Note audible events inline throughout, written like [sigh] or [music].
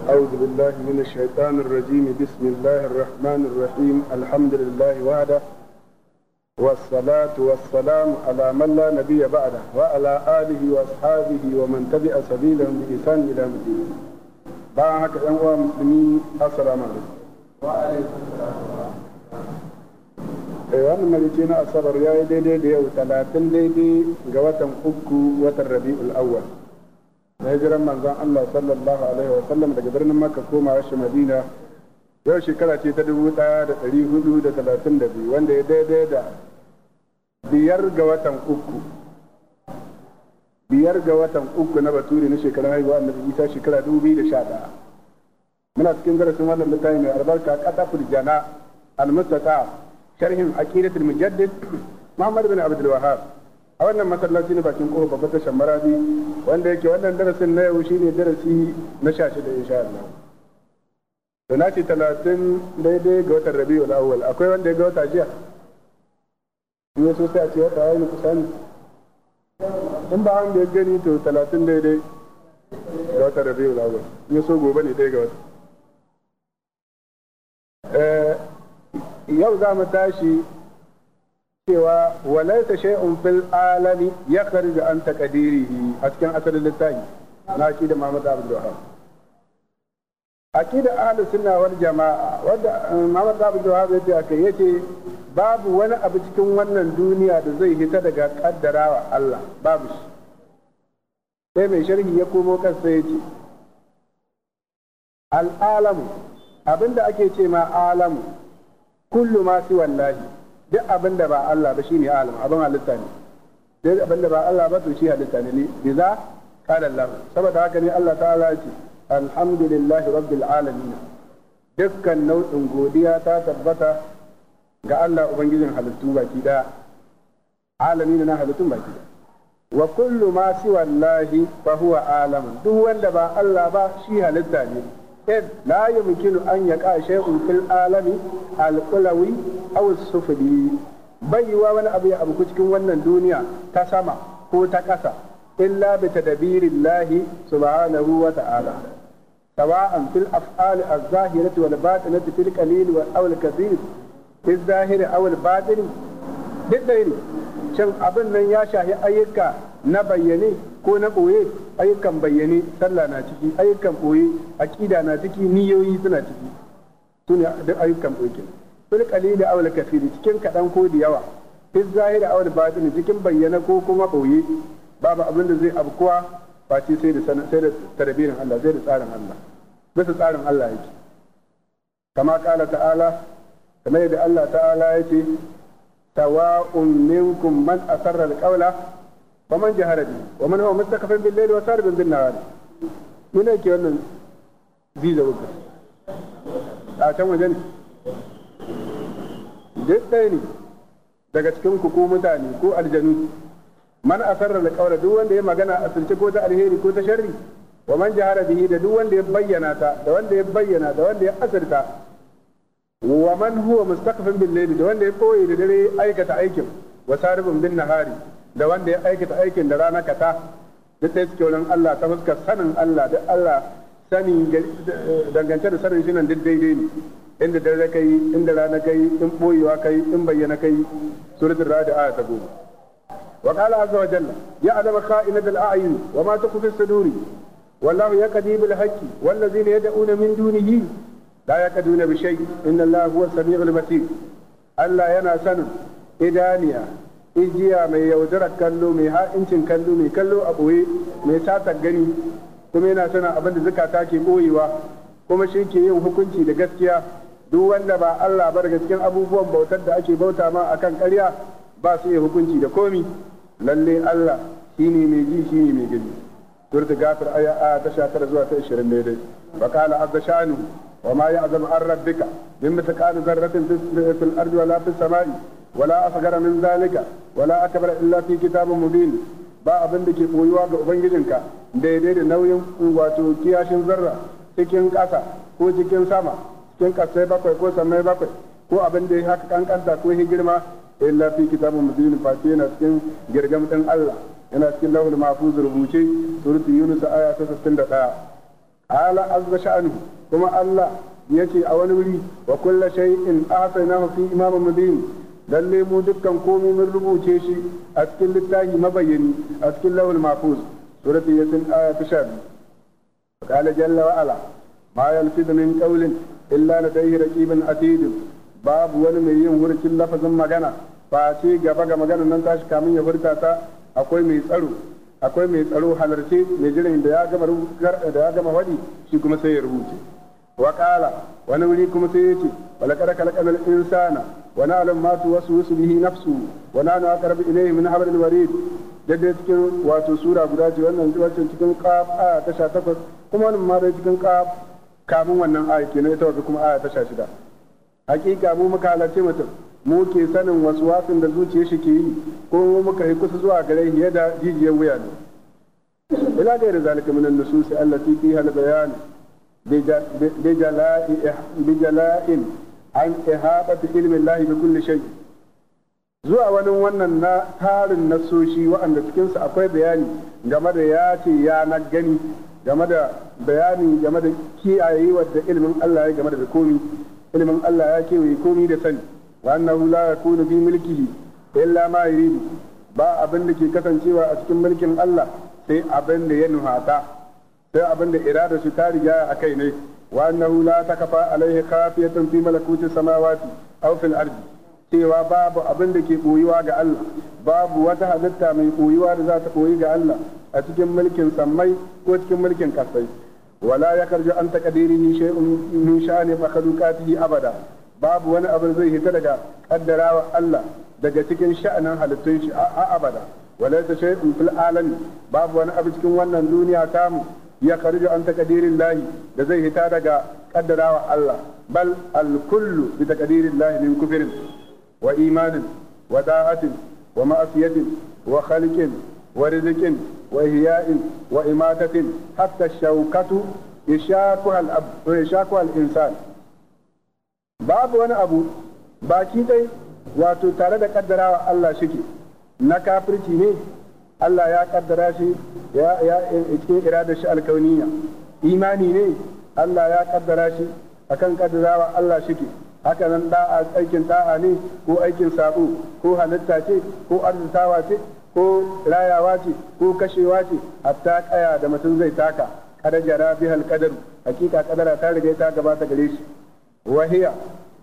أعوذ بالله من الشيطان الرجيم بسم الله الرحمن الرحيم الحمد لله وحده والصلاة والسلام على من لا نبي بعده وعلى آله وأصحابه ومن تبع سبيلهم بإحسان إلى الدين باعك أنواع مسلمين السلام عليكم وعليكم السلام wannan marici na asabar ya yi daidai da yau talatin daidai ga watan uku watan rabi'ul awwal na hijiran manzon Allah sallallahu alaihi wa sallam daga birnin Makka koma rashin Madina yau shekara ce ta dubu ɗaya da ɗari hudu da talatin da biyu wanda ya daidai da biyar ga watan uku biyar ga watan uku na baturi na shekarar haihuwa annabi isa shekara dubu biyu da sha ɗaya muna cikin darasin wannan littafi mai albarka qataful jana al ta sharhin aqidatul mujaddid muhammad bin abdul wahhab a wannan masallaci ne bakin kofa babbar tashar marabi wanda yake wannan darasin na yau shine darasi na sha shida insha Allah to na ce talatin daidai ga watan rabi'ul awwal akwai wanda ya ga wata jiya in so sai a ce wata ya yi in ba an da ya gani to talatin daidai ga watan rabi'ul awwal in so gobe ne dai ga wata eh, yau za mu tashi cewa walaita shay'un fil alami ya kharija an taqdirihi a cikin asalin littafi na shi da Muhammad Abdul Wahab da ahlus sunna wal jamaa wanda eh, Muhammad Abdul ya ce akai yace babu wani abu cikin wannan duniya da zai hita daga kaddarawa Allah babu shi sai mai sharhi ya komo kansa ce al alamu abinda ake ce ma alamu kullu ma si wallahi duk abin da ba Allah ba shine alim abin halitta ne duk abin da ba Allah ba to shi halitta ne ne za kala Allah saboda haka ne Allah ta'ala ya ce alhamdulillahi rabbil alamin dukkan nau'in godiya ta tabbata ga Allah ubangijin halittu baki da alamin na halittun baki da wa kullu ma siwallahi fa huwa alamun duk wanda ba Allah ba shi halitta ne إذ لا يمكن أن يقع شيء في العالم القلوي أو السفلي بي وانا أبي أبو كتكم وانا الدنيا تسمع هو تكسى إلا بتدبير الله سبحانه وتعالى سواء في الأفعال الظاهرة والباطنة في القليل أو الكثير في الظاهر أو الباطن بالدليل can abin nan ya shahi ayyuka na bayyane ko na ɓoye ayyukan bayyane sallah na ciki ayyukan ɓoye aƙida na ciki niyoyi suna ciki su ne duk ayyukan ɓoye bil qalili aw al kafiri cikin kaɗan ko da yawa fi zahiri aw al batini cikin bayyana ko kuma ɓoye babu abin da zai abkuwa ba ce sai da tarbiyyar Allah sai da tsarin Allah bisa tsarin Allah yake kama ƙala ta'ala kamar yadda Allah ta'ala ya ce sawa'un minkum man asarra alqawla wa man jahara bi wa man huwa mustakfin bil layli wa saribin bin nahar mun yake wannan biza wuka a can waje ne duk ɗaya ne daga cikin ku ko mutane ko aljanu man asarra alqawla duk wanda ya magana a asirce ko ta alheri ko ta sharri wa man jahara bihi da duk wanda ya bayyana ta da wanda ya bayyana da wanda ya asirta wa man huwa mustaqfin bil layli da wanda ya koyi da dare aikata aikin wa saribun bin nahari da wanda ya aikata aikin da rana kata duk da suke Allah ta fuskar sanin Allah da Allah sani dangance da sanin shi nan duk daidai ne inda dare kai inda rana kai in boyewa kai in bayyana kai suratul ra'd A ta goma wa qala azza wa jalla ya'lamu kha'inat al-a'yun wa ma tukhfi as-suduri wallahu yaqdi bil haqqi wallazina yad'una min dunihi la yaqduna bi shay inna Allah huwa samiul basir Allah yana sanin idaniya ijiya mai yaudarar kallo mai ha'incin kallo mai kallo a ɓoye mai satar gani kuma yana sanin abin da zukata ke ɓoyewa kuma shi ke yin hukunci da gaskiya duk wanda ba Allah ba daga cikin abubuwan bautar da ake bauta ma akan ƙarya ba su iya hukunci da komi lalle Allah shine mai ji shine mai gani surtu gafir aya a ta sha tara zuwa ta ishirin daidai Baka kala azza shanu wa ma ya'zamu an rabbika min mithqali dharratin fil ardi wala fis samai wala asghara min zalika wala akbara illa fi kitabin mubin ba abin da ke koyuwa ga ubangijinka daidai da nauyin wato kiyashin zarra cikin ƙasa ko cikin sama cikin ƙasai bakwai ko samai bakwai ko abin da ya haka kankanta ko ya girma illa fi kitabun mubin fa yana cikin girgam Allah yana cikin Lawal mahfuz rubuce suratu yunus aya ta ɗaya ala azza sha'nu kuma Allah ya ce a wani wuri wa kullu shay'in ahsaynahu fi imamin mubin lalle mu dukkan komai mun rubuce shi a cikin littafi mabayyani a cikin lahul mahfuz suratu yasin aya ta 12 qala jalla wa ala ma yalfidu min qawlin illa ladayhi raqibun atid babu wani mai yin hurcin lafazin magana face gaba ga maganar nan tashi kamin ya furta ta akwai mai tsaro akwai mai tsaro halarce mai jiran da ya gama da ya gama wadi shi kuma sai ya rubuce wa qala wani wuri kuma sai ya ce wala qad khalaqal insana wa na'lam ma tuwaswisu bihi nafsu wa nanu aqrabu ilayhi min hablil warid daidai cikin wato sura guda ce wannan wacce cikin qaf a ta 18 kuma wannan ma dai cikin qaf kamun wannan aya kenan ita wato kuma aya ta 16 hakika mu muka halarce mutum mu ke sanin wasu wasan da zuciya shi ke yi ko mu muka yi kusa zuwa gare shi yadda jijiyar wuya ne ila gairi zalika min an-nusus allati fiha al-bayan jala'in an ihabati ilmi Allah bi kulli shay zuwa wani wannan na tarin nasoshi waɗanda cikinsu akwai bayani game da ya ce ya na gani game da bayani game da kiyaye wadda ilimin Allah ya game da komi ilimin Allah ya kewaye komi da sani wa hula ya yakunu bi mulkihi illa ma yuridu ba abin da ke kasancewa a cikin mulkin Allah sai abin da ya nuhata sai abin da irada su ta riga a kai ne wa hula ta kafa alaihi ya fi malakuti samawati aw fil ardi cewa babu abin da ke koyuwa ga Allah babu wata halitta mai koyuwa da za ta koyi ga Allah a cikin mulkin sammai ko cikin mulkin kasai wala yakarju an taqdirihi shay'un min sha'ani fakadukatihi abada babu wani abu zai hita daga kaddarawa Allah daga cikin sha'anin halittun shi a abada wala ta shay'un fil alami babu wani abu cikin wannan duniya tamu ya karju an takadirin lahi da zai hita daga kaddarawa Allah bal al kullu bi takadirin lahi min kufrin wa imanin wa da'atin wa ma'asiyatin wa khalqin wa rizqin wa ihya'in wa imatatin hatta shawkatu yashaku al insan babu wani abu baki dai wato tare da kaddarawa Allah ke na kafirci ne Allah ya kaddara shi ya ya cikin iradar shi alkauniya imani ne Allah ya kaddara shi akan kaddarawa Allah shi haka nan da'a aikin da'a ne ko aikin sabo ko halitta ce ko arzutawa ce ko rayawa ce ko kashewa ce hatta kaya da mutum zai taka kada jara bihal qadaru hakika kadara ta riga ta gabata gare shi wahiya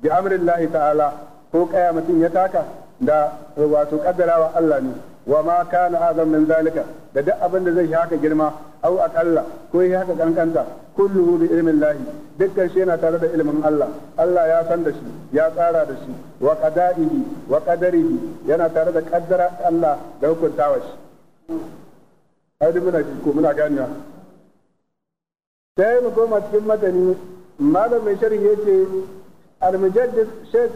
bi amrillahi ta'ala ko kaya mutum ya taka da eh, wato kaddarawa Allah ne wa ma kana azam min zalika da duk abin da zai yi haka girma au akalla ko yi haka kankanta kulluhu bi ilmin lahi dukkan shi yana tare da ilmin Allah Allah ya san da shi ya tsara da shi wa qada'ihi wa qadarihi yana tare da kaddara Allah da hukuntawa shi ai duk muna ko muna sai mu goma cikin madani malam mai sharhi yace al-mujaddid sheikh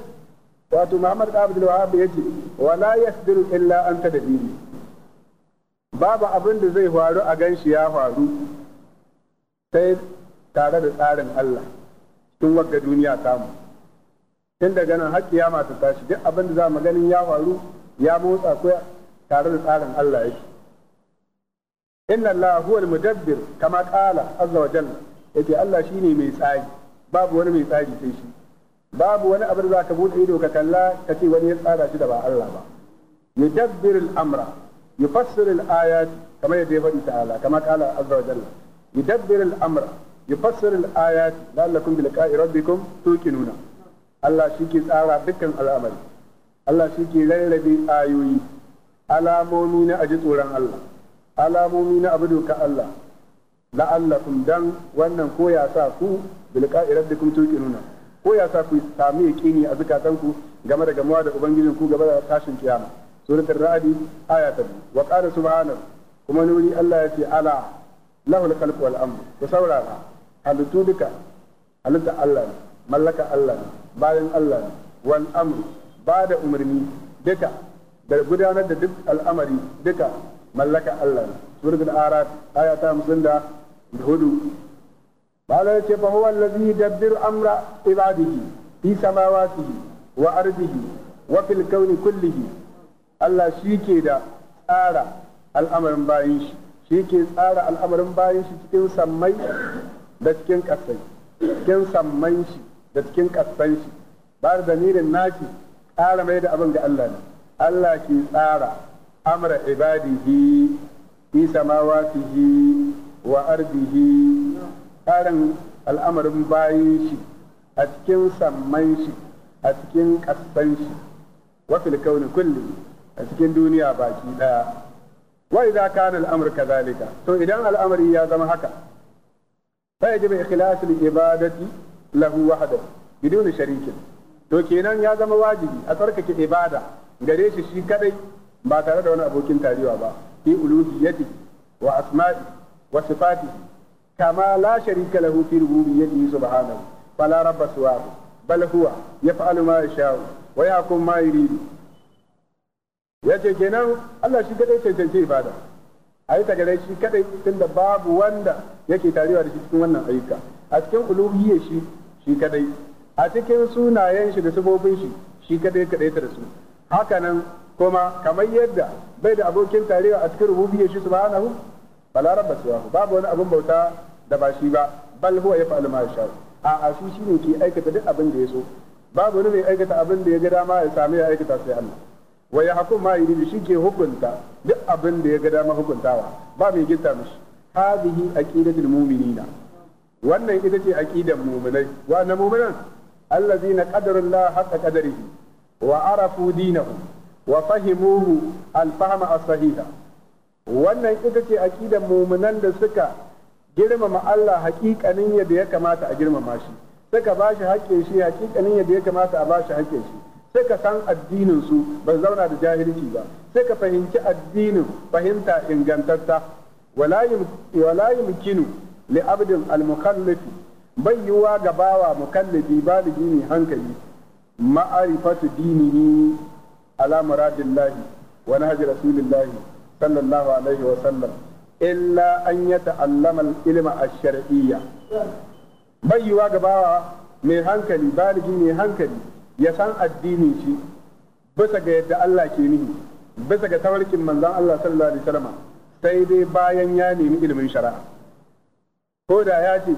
wato Muhammad Abdul Wahab yace wala yasdir illa anta da dini babu abin da zai faru a ganshi ya faru sai tare da tsarin Allah tun wagga duniya samu, tun daga nan har kiyama ta tashi duk abin da za mu ganin ya faru ya motsa ko tare da tsarin Allah yake inna Allah huwa al-mudabbir kama qala azza wa jalla ce Allah shi ne mai tsari babu wani mai tsari sai shi babu wani abin za ka buɗe ido ka kalla ka ce wani ya tsara shi da ba Allah ba Ya al-amra ya al-ayat kamar yadda ya faɗi ta'ala kama kala azza wa jalla Ya al-amra yufassir al-ayat la'allakum bi liqa'i rabbikum tuqinuna Allah shi ke tsara dukkan al'amari Allah shi ke rarrabe ayoyi alamomi na aji tsoron Allah alamomi na abu doka Allah la'allakum dan wannan ko ya sa ku bil qa'i rabbikum tuqinuna ko ya sa ku sami yaqini a zakatanku game da gamuwa da ubangijin ku gaba da tashin kiyama suratul ra'd aya ta wa qala subhanahu kuma nuri Allah ya ce ala al khalq wal amr ku saurara halittu duka halitta Allah ne mallaka Allah bayan Allah ne wal amr ba da umarni duka da gudanar da duk al'amari duka mallaka Allah ne suratul araf aya ta da hudu malar ce fa huwa allazi dabbiru amra ibadihi fi samawatihi wa wa fil kullihi Allah shi ke da tsara al'amarin bayin shi shi ke tsara al'amarin bayin shi cikin sammai da cikin ƙasai cikin samman da cikin ƙasan ba da zamirin nashi ƙara mai da abin ga Allah ne Allah ke tsara amra ibadihi wa ardihi karin al'amarin bayan shi a cikin samman shi a cikin kasan shi wa fil kauni kulli a cikin duniya baki daya wa idza kana al'amru kadhalika to idan al'amari ya zama haka fa yajibu ikhlasul ibadati lahu wahdahu bidun sharikin to kenan ya zama wajibi a tsarkake ibada gare shi shi kadai ba tare da wani abokin tarewa ba fi uluhiyyati wa asma'i kama وصفاته كما لا شريك له في ربوبيته سبحانه فلا رب سواه بل هو يفعل ما يشاء ويحكم ما يريد yace kenan Allah shi kadai cancanci ibada a yi tagarai shi kadai tunda babu wanda yake tarewa da shi cikin wannan ayyuka a cikin uluhiyya shi shi kadai a cikin sunayen shi da sifofin shi shi kadai kadai ta da su nan kuma kamar yadda bai da abokin tarewa a cikin rububiyya shi subhanahu fala rabba siwahu babu wani abin bauta da ba shi ba bal huwa yaf'alu ma sha a a shi shine ke aikata duk abin da ya so babu wani mai aikata abin da ya ga dama ya sami ya aikata sai Allah wa ya hakum ma yuridu shi ke hukunta duk abin da ya ga dama hukuntawa ba mai gitta mishi hadhihi aqidatul mu'minina wannan ita ce aqidan mu'minai wa na mu'minan allazina qadara Allah haqqa qadarihi wa arafu dinahu wa fahimuhu al-fahma as-sahiha wannan ita ce aqidar muminan da suka girmama Allah haƙiƙanin yadda ya kamata a girmama shi suka ba shi haƙƙin shi haƙiƙanin yadda ya kamata a ba shi haƙƙin shi suka san addinin su zauna da jahilci ba suka fahimci addinin fahimta ingantatta wala yumkinu li abdin al-mukallafi bai yiwa ga bawa mukallafi ba da gini hankali ma'arifatu dinihi ala muradillahi wa nahji rasulillahi sallallahu alaihi wa sallam illa anyata ya ta'allama a ilma ash-shar'iyya bai yiwa ga mai hankali baligi mai hankali ya san addinin shi bisa ga yadda Allah ke nihi bisa ga tawarkin manzon Allah sallallahu alaihi wasallam sai dai bayan ya nemi ilimin shari'a ko da ya ce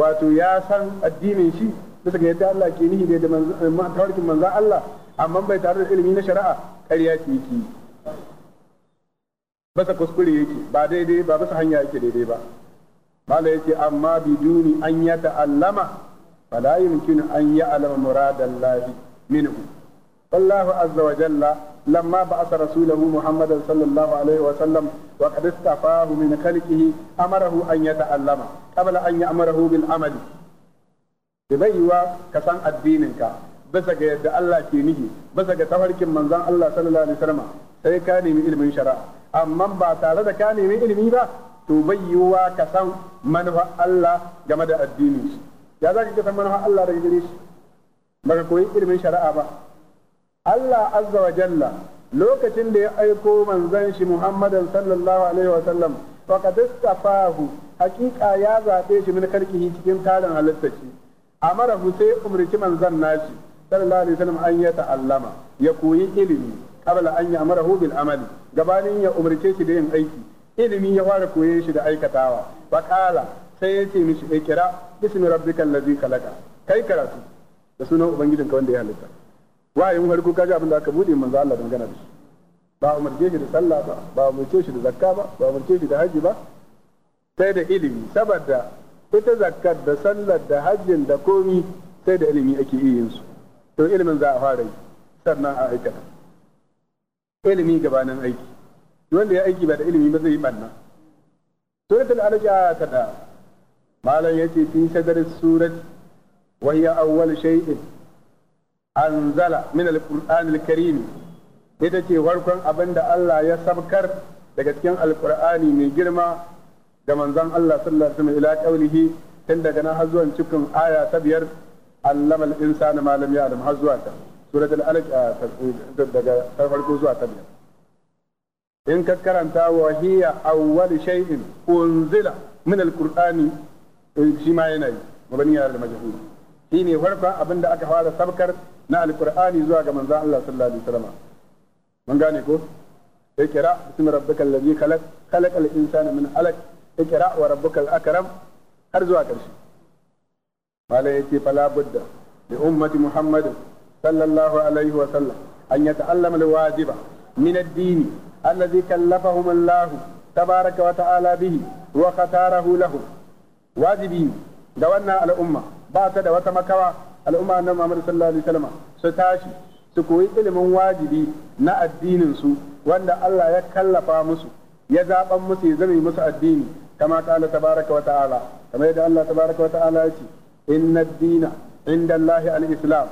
wato ya san addinin shi bisa ga yadda Allah ke da tawarkin Allah amma bai tare da ilimi na shari'a karya ce yi Basa kuskure yake ba daidai ba basa hanya yake daidai ba mala yake amma biduni an ya ta'allama fa la yumkinu an ya'lama muradallahi minhu wallahu azza wa jalla lamma ba'atha rasulahu muhammadan sallallahu alaihi wa sallam wa qad min khalqihi amarahu an ta'allama qabla an ya'murahu bil amali bai yiwa ka san addinin ka bisa ga yadda Allah ke nihi bisa ga tafarkin manzan Allah sallallahu alaihi wasallam sai ka nemi ilimin shari'a amma ba tare da ka nemi ilimi ba to bai yiwuwa ka san manufa Allah game da addinin shi ya za ka san manufa Allah daga gare shi baka koyi ilimin shari'a ba Allah azza wa jalla lokacin da ya aiko manzon shi Muhammadan sallallahu alaihi wa sallam istafahu hakika ya zabe shi min karkihi cikin tarin halitta shi amara sai umarci manzan nashi sallallahu alaihi wasallam an ya ta'allama ya koyi ilimi qabla an ya'marahu bil amali gabanin ya umarce shi da yin aiki ilimi ya fara koyon shi da aikatawa qala sai ya ce mishi ikra bismi rabbikal ladzi khalaqa kai karatu da sunan ubangijinka wanda ya halitta wayin farko kaji abin da aka bude manzo Allah dangana da shi ba umarce shi da sallah ba ba umarce shi da zakka ba ba umarce shi da haji ba sai da ilimi saboda ita zakkar da sallar da hajjin da komi sai da ilimi ake iya yin su to ilimin za a fara yi sannan a aikata ilimi gabanin aiki wanda ya aiki ba da ilimi ba zai yi banna suratul alaq a ta da malam ya yace fi shagar surat wa Auwal awwal shay'in anzala min al-qur'an al karimi ita ce farkon abin da Allah ya sabkar daga cikin alqur'ani mai girma ga manzon Allah sallallahu alaihi ila qaulihi tun daga nan har zuwa cikin aya ta biyar allama al-insana ma lam ya'lam har zuwa ta suratul alaq ah, eh, daga farko zuwa ta biyar in ka karanta wa hiya awwal shay'in unzila min al-qur'ani eh, shi ma yana yi mabaniya da majhul shi ne farkon abinda da aka fara sabkar na al-qur'ani zuwa ga manzon Allah sallallahu alaihi wasallam mun gane ko اقرا باسم ربك الذي خلق خلق الانسان من علق اقرا وربك الاكرم har zuwa ƙarshe malam yace fala budda li ummati muhammadin sallallahu alaihi wa sallam an yata'allama al-wajiba min ad-din alladhi kallafahum Allah tabaraka wa ta'ala bihi wa khatarahu lahum wajibi ga wannan al'umma ba ta da wata makawa al'umma annabi Muhammad sallallahu alaihi wasallam su tashi su koyi ilimin wajibi na addinin su wanda Allah ya kallafa musu ya zaban musu ya zame musu addini kama kala kamar yadda Allah tabaraka ce inna dina inda Allah al-islam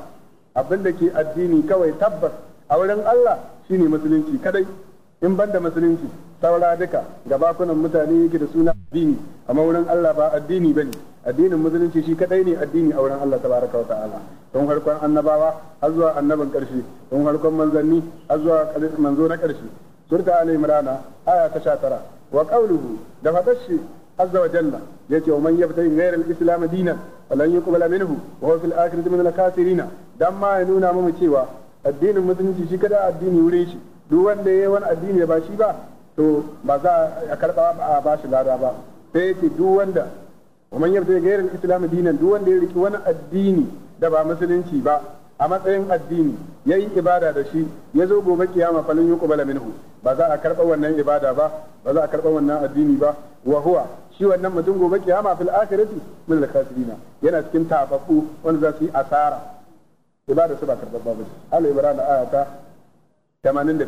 abinda ke addini kawai tabbas a wurin Allah shine musulunci kadai in banda musulunci saura duka gabakunan mutane yake da suna addini amma wurin Allah ba addini ba ne addinin musulunci shi kadai ne addini a wurin Allah tabaraka wa ta'ala tun harkon annabawa har zuwa annabin karshe tun harkon manzanni har zuwa manzo na karshe surta al-imrana aya ta 19 wa qawluhu da fadashi azza wa jalla yace wa man yabtahi ghayra al-islam dinan falan yuqbala minhu wa huwa fil akhirati min al dan ma ya nuna mamu cewa addinin musulunci shi kada addini wurin shi duk wanda yayi wani addini da ba shi ba to ba za a karba a ba shi lada ba sai yace duk wanda wa man ghayra al-islam dinan duk wanda ya riki wani addini da ba musulunci ba a matsayin addini ya yi ibada da shi ya zo gobe kiyama falin yi kubala minhu ba za a karɓa wannan ibada ba ba za a karɓa wannan addini ba wa huwa shi wannan mutum gobe kiyama fil akhirati min al khasirina yana cikin tafafu wanda za su yi asara ibada su ba karɓa ba al ibrahim aya ta 82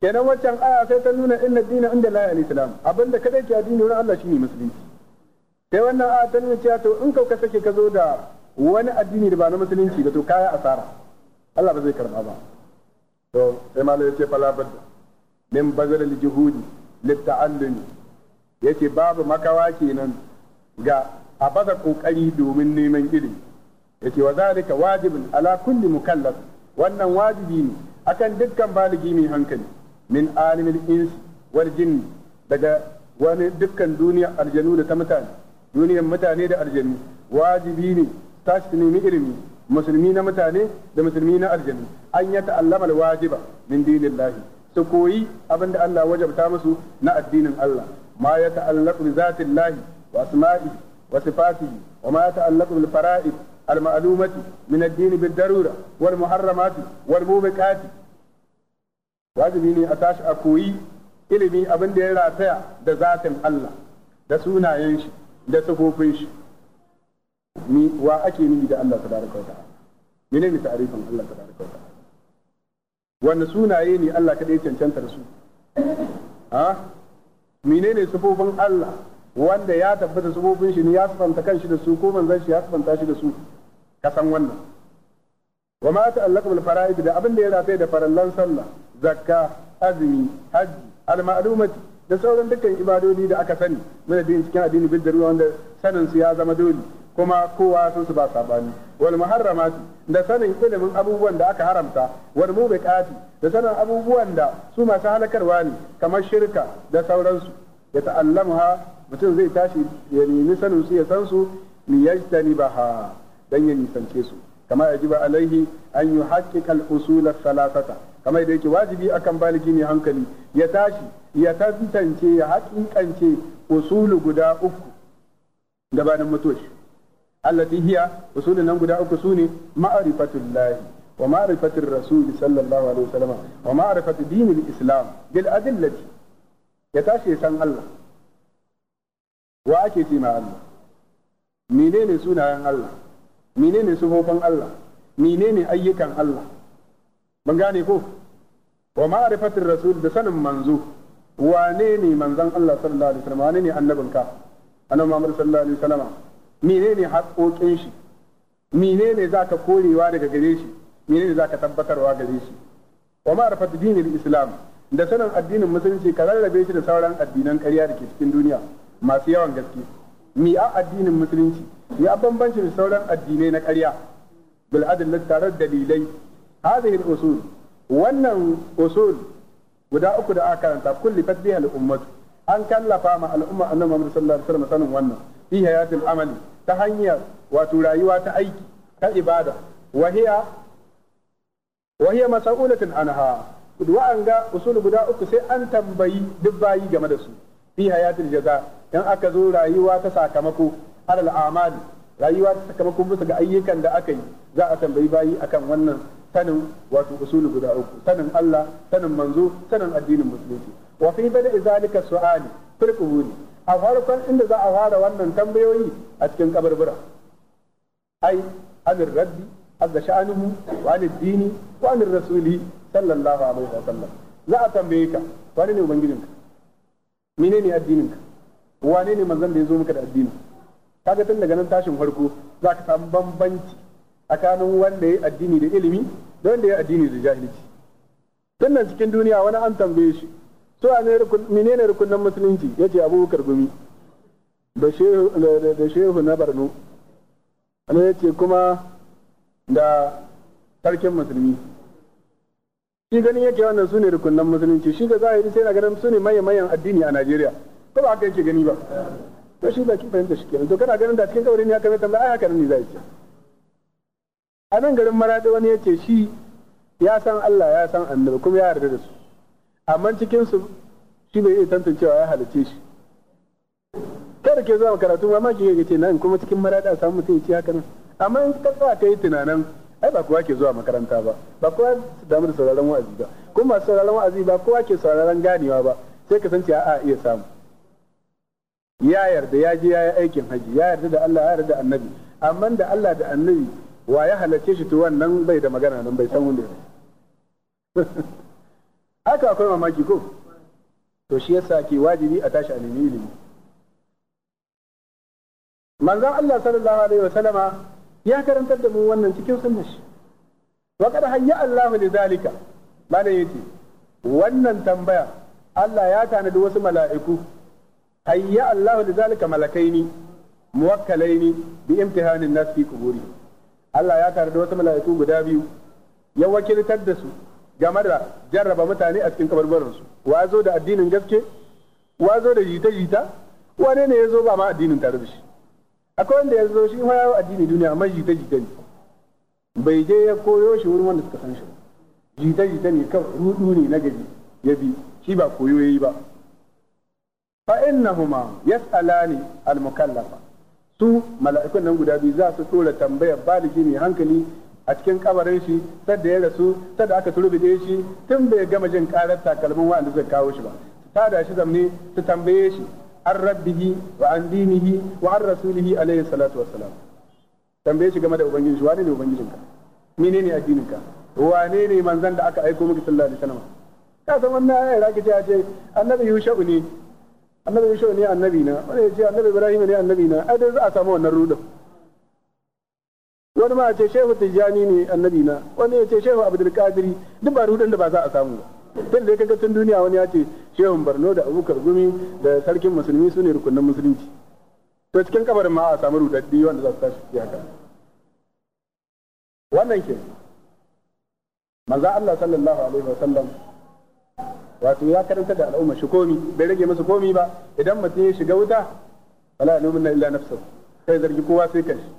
kenan waccan aya sai ta nuna inna dina inda la islam abinda kadai ke addini wurin Allah shine musulunci sai wannan aya ta nuna cewa to in kauka sake ka zo da wani addini da ba na musulunci ba to kaya asara Allah ba zai karba ba to sai malai yace fala badda min bazal al juhudi lit ta'allumi yace babu makawa kenan ga a baza kokari domin neman ilimi yace wa zalika wajibun ala kulli mukallaf wannan wajibi ne akan dukkan baligi mai hankali min alimil ins wal jinni daga wani dukkan duniya aljanu da ta mutane duniyar mutane da aljanu wajibi ne tashi su nemi ilimi musulmi na mutane da musulmi na aljanu an ya ta'allama wajiba min dinillahi su koyi abin da Allah wajabta musu na addinin Allah ma ya ta'allaqu bi zatillahi wa asma'i wa sifatihi wa ma ya ta'allaqu bil fara'id al ma'lumati min ad-din bid darura wal muharramati wal mubiqati wajibi ne a tashi a koyi ilimi abin da ya rataya da zatin Allah da sunayen shi da sufofin shi ni wa ake nihi da Allah tabaraka wa ta'ala menene ta'arifin Allah tabaraka wa ta'ala wanda sunaye ne Allah kadai cancanta da su ha menene sufofin Allah wanda ya tabbata sufofin shi ne ya sufanta kanshi da su ko manzon shi ya sufanta shi da su ka san wannan wa ma ta'allaqu bil fara'id da abin da ya rataye da farallan sallah zakka azumi hajji al ma'lumati da sauran dukkan ibadodi da aka sani mun da cikin addini bil ruwa wanda sanin su ya zama dole kuma kowa sun su ba sabani wal muharramati da sanin ilimin abubuwan da aka haramta wal mubiqati da sanin abubuwan da su masu halakarwa ne kamar shirka da sauransu ya ta'allamuha mutum zai tashi ya nemi sanin su ya san su li baha dan ya nisance su kama yajiba alaihi an yuhaqqiqa al-usul ath-thalathata kama da yake wajibi akan baligi ne hankali ya tashi ya tantance ya haƙiƙance usulu guda uku da gabanin mutuwa allati hiya usulun nan guda uku sune ma'rifatullah wa ma'rifatur rasul sallallahu alaihi wasallam wa ma'rifatu dinil islam bil adillati ya tashi san Allah wa ake ce ma Allah menene sunayen Allah menene sufofin Allah menene ayyukan Allah ban gane ko wa ma'rifatur rasul da sanin manzo wane ne Allah sallallahu alaihi wane ne sallallahu alaihi menene haƙoƙin shi menene za ka korewa daga gare shi menene za ka tabbatarwa gare shi wa ma'arfatu dinil islam da sanin addinin musulunci ka rarrabe shi da sauran addinan ƙarya da ke cikin duniya masu yawan gaske mi a addinin musulunci ya bambanci da sauran addinai na ƙarya bil adl tare da dalilai hadhihi al usul wannan usul guda uku da aka karanta kulli fatbiha al ummatu an kallafa ma al umma annabi sallallahu alaihi wasallam sanin wannan fi hayatil amali ta hanyar wato rayuwa ta aiki ta ibada wahiya wahiya mas'ulatin anha ga usul guda uku sai an tambayi duk bayi game da su fi hayatul jaza in aka zo rayuwa ta sakamako alal amali rayuwa ta sakamako bisa ga ayyukan da aka yi za a tambayi bayi akan wannan sanin wato usul guda uku sanin Allah sanin manzo sanin addinin musulunci wa fi bada zalika su'ali fil a farkon inda za a fara wannan tambayoyi a cikin kaburbura ai anir rabbi azza sha'anuhu wa anid dini wa anir rasuli sallallahu alaihi wa sallam za a tambaye ka wani ne ka menene addininka wane ne manzon da ya zo maka da addini kaga tun daga nan tashin farko za ka samu bambanci tsakanin wanda ya addini da ilimi da wanda ya addini da jahilci tun nan cikin duniya wani an tambaye shi to a menene rukunan musulunci yace abubakar gumi da shehu na barno ana yace kuma da sarkin musulmi shi ganin yake wannan su ne rukunan musulunci shi ga zahiri sai na ganin su ne maye mayan addini a najeriya ko ba haka yake gani ba to shi ba ki fahimta shi kenan to kana ganin da cikin kawarin ya kamata tambaya aya haka ne zai ce a nan garin maradi wani yace shi ya san Allah ya san annabi kuma ya yarda da su amma cikin su shi ne iya tantancewa ya halice shi kada ke zuwa karatu ma maki ga ce nan kuma cikin marada samu mutum ya ci haka nan amma in ka tsaya kai tunanin ai ba kowa ke zuwa makaranta ba ba kowa damu da sauraron wa'azi ba kuma masu sauraron wa'azi ba kowa ke sauraron ganewa ba sai ka san a iya samu ya yarda ya je ya yi aikin haji ya yarda da Allah ya yarda da annabi amma da Allah da annabi wa ya halarce shi to wannan bai da magana nan bai san wanda ya [laughs] haka akwai mamaki ko to shi yasa ke wajibi a tashi a nemi ilimi manzon Allah sallallahu alaihi wasallama ya karantar da mu wannan cikin sunnah shi wa qad hayya Allahu li zalika malai yace wannan tambaya Allah ya tanadi wasu mala'iku hayya Allahu li zalika malakaini muwakkalaini bi imtihanin nas fi Allah ya tanadi wasu mala'iku guda biyu ya wakiltar da su game da jarraba mutane a cikin kabarbararsu su wa zo da addinin gaske wa zo da jita jita wane ne ya zo ba ma addinin tare da shi akwai wanda ya zo shi ma wayo addini duniya amma jita jita ne bai je ya koyo shi wurin wanda suka san shi jita jita ne kan rudu ne na gari ya bi shi ba koyo ya yi ba fa innahuma yas'alani al-mukallafa su mala'ikun nan guda biyu za su tsora tambayar baligi ne hankali a cikin kabarin shi sadda ya rasu ta da aka turbide shi tun bai gama jin karar takalmin wanda zai kawo shi ba ta da shi zamne su tambaye shi an rabbihi wa an dinihi wa an rasulihi alaihi salatu wassalam tambaye shi game da ubangiji shi wane ne ubangijinka menene addininka wane ne manzon da aka aiko maka sallallahu alaihi wasallam ka san wannan ayar raki ce ce annabi yushau ne annabi yushau ne annabi na wanda ya ce annabi ibrahim ne annabi na ai dai za a samu wannan rudin wani ma ce shehu tijjani ne annabi na wani ya ce shehu abdul kadiri duk ba rudan da ba za a samu ba tun da kaga tun duniya wani ya ce shehu barno da abubakar gumi da sarkin musulmi su ne rukunin musulunci to cikin kabarin ma a samu rudaddi wanda za su tashi iyaka wannan ke manzo Allah sallallahu alaihi wa sallam wato ya karanta da al'umma shi komi bai rage masa komi ba idan mutum ya shiga wuta wala numunna illa nafsuhu kai zargi kowa sai kanshi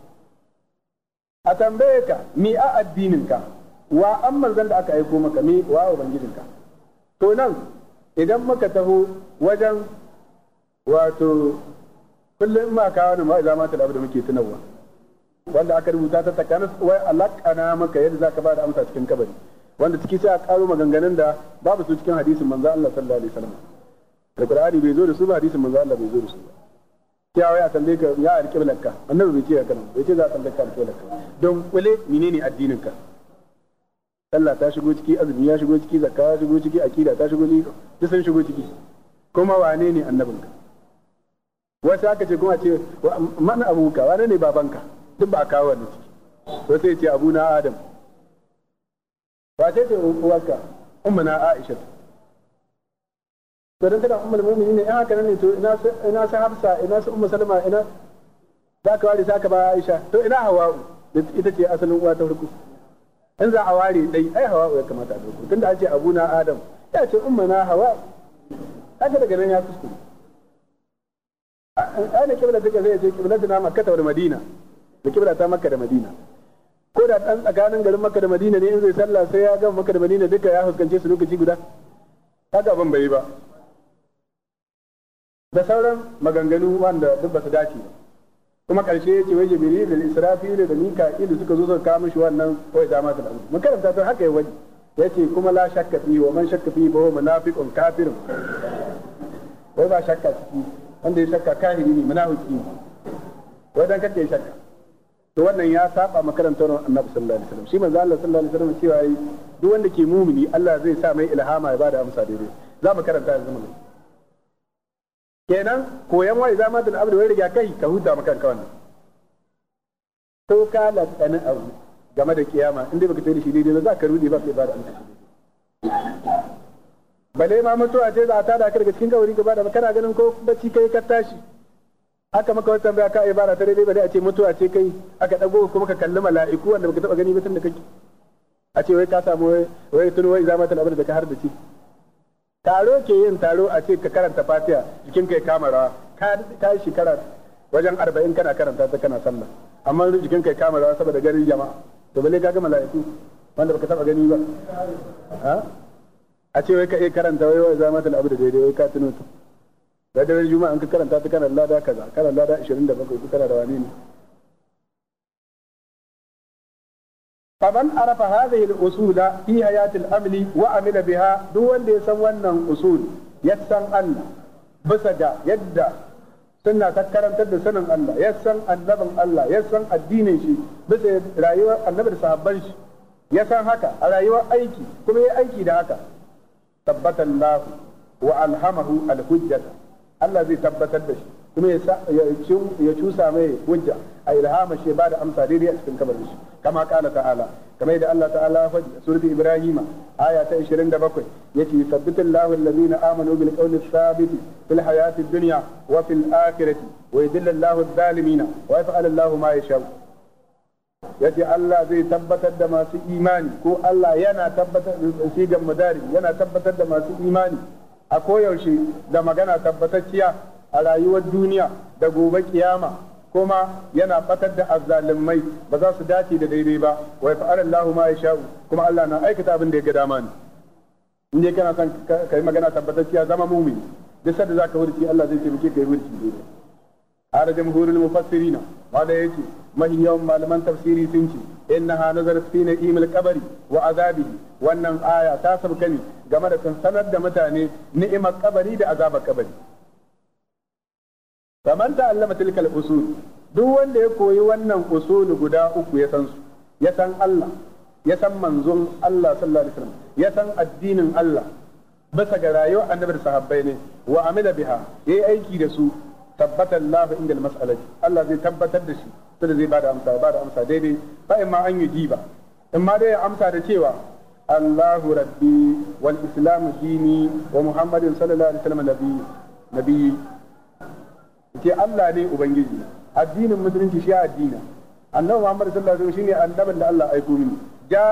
a tambaye ka mi a addininka wa an manzan da aka aiko maka me wa ubangijinka to nan idan muka taho wajen wato kullum ma kawo ne ma da abu da muke tunawa. wanda aka rubuta ta tsakanin wai alakana maka yadda zaka ba da amsa cikin kabari wanda ciki sai a karo maganganun da babu su cikin hadisin manzo Allah sallallahu alaihi wasallam alqur'ani bai zo da su ba hadisin manzo Allah bai zo da su ba kyawa a tambaye ka ya arki ka annabi bai ce haka nan bai ce za a tambaye ka arki ka don kule menene addinin ka sallah ta shigo ciki azumi ya shigo ciki zakka ya shigo ciki akida ta shigo ciki duk sun shigo ciki kuma wane ne annabin ka wasu aka ce kuma ce man abuka wane ne babanka duk ba a kawo wani ciki to sai ce abu na adam wace ce uwarka umma na aisha to dan tana ummul mu'minin ne in haka nan ne to ina ina sa Hafsa ina sa Ummu Salma ina za ka ware saka ba Aisha to ina Hawa'u ita ce asalin uwa ta farko in za a ware dai ai Hawa'u ya kamata a farko tunda an ce abuna Adam ya ce ummana Hawa haka daga nan ya kuskure ana kibla take zai je kibla tana Makka da Madina da kibla ta Makka da Madina ko da dan tsakanin garin Makka da Madina ne in zai sallah sai ya ga Makka da Madina duka ya fuskance su lokaci guda haka ban bai ba da sauran maganganu wanda duk ba su dace ba kuma karshe ya ce wai biri da israfil da mika'il suka zo suka kama mishi wannan kawai da mata al'amur mun karanta ta haka ya ya ce kuma la shakka fi wa man shakka fi fa huwa munafiqun kafirun wai ba shakka ciki wanda ya shakka kahiri ne munafiki wai dan kake shakka to wannan ya saba makarantar annabi sallallahu alaihi wasallam shi manzo Allah sallallahu alaihi wasallam cewa duk wanda ke mumini Allah zai sa mai ilhama ya bada amsa daidai za mu karanta yanzu mun kenan koyan wa da abu da wani riga kai ka huta maka kanka wannan to ka lantsani abu game da kiyama inda baka tsaye da shi daidai ba za ka rudi ba sai ba da amsa bale ma mutuwa ce za a tada ka daga cikin ka ba da kana ganin ko bacci kai ka tashi aka maka wata tambaya ka ibara ta daidai bale a ce mutuwa ce kai aka dago kuma ka kalli mala'iku wanda baka taba gani ba tun da kake a ce wai ka samu wai tuno wai zama ta labar da ka har da ci taro ke yin taro a ce ka karanta fatiha jikin kai kama rawa ka shi shekara wajen arba'in kana karanta ta kana sallah amma yanzu jikin kai kama rawa saboda ganin jama'a to bale ka ga mala'iku wanda baka taba gani ba a ce wai ka iya karanta wai wai zama abu da daidai wai ka tuno ta da daren juma'a an ka karanta ta kana lada kaza kana lada 27 kana da wani ne faman arafa hadhihi al-usula fi hayati al-amli wa amila biha duk wanda ya san wannan usul ya san Allah bisa yadda suna ta da sanin Allah ya san annabin Allah ya san addinin shi bisa rayuwar annabar sahabban shi ya san haka a rayuwar aiki kuma yayi aiki da haka tabbata wa alhamahu alhujja Allah zai tabbatar da shi kuma ya cusa mai hujja a ilhama shi ba da amsa daidai a cikin kabarin shi kama kala ta'ala kamar da Allah ta'ala ya faɗi surati ibrahima aya ta 27 yace sabbitul lahu allazina amanu bil qawli thabit fil hayati dunya wa fil akhirati wa yudillu Allahu adh-dhalimina wa yaf'alu Allahu ma yasha yace Allah zai tabbatar da masu imani ko Allah yana tabbatar da sigan mudari yana tabbatar da masu imani a koyaushe da magana tabbatacciya a rayuwar duniya da gobe kiyama kuma yana batar da azzalimai ba za su dace da daidai ba wa yaf'alullahu ma sha'u kuma Allah na aikata abin da ya ga dama ne in dai kana son kai magana tabbatacciya zama mumin duk sanda zaka hurci Allah zai taimake ka yi hurci daidai har jamhurul mufassirina wanda yace mahi yawan malaman tafsiri sun ce innaha nazarat fi na'imil qabri wa azabihi wannan aya ta sabka ne game da sanar da mutane ni'imar kabari da azabar kabari faman ta'allama tilkal usul duk wanda ya koyi wannan usul guda uku ya san su ya san Allah ya san manzon Allah sallallahu alaihi wasallam ya san addinin Allah bisa ga rayuwar annabi da sahabbai ne wa amila biha yayi aiki da su tabbata Allah inda mas'alati Allah zai tabbatar da shi sai zai bada amsa bada amsa daidai fa in ma an yi jiba in ma dai amsa da cewa Allahu rabbi wal islamu dini wa muhammadin sallallahu alaihi wasallam nabi nabi ke Allah ne ubangiji addinin musulunci shi addina. annabi Muhammad sallallahu alaihi wasallam shine annaban da Allah aiko mini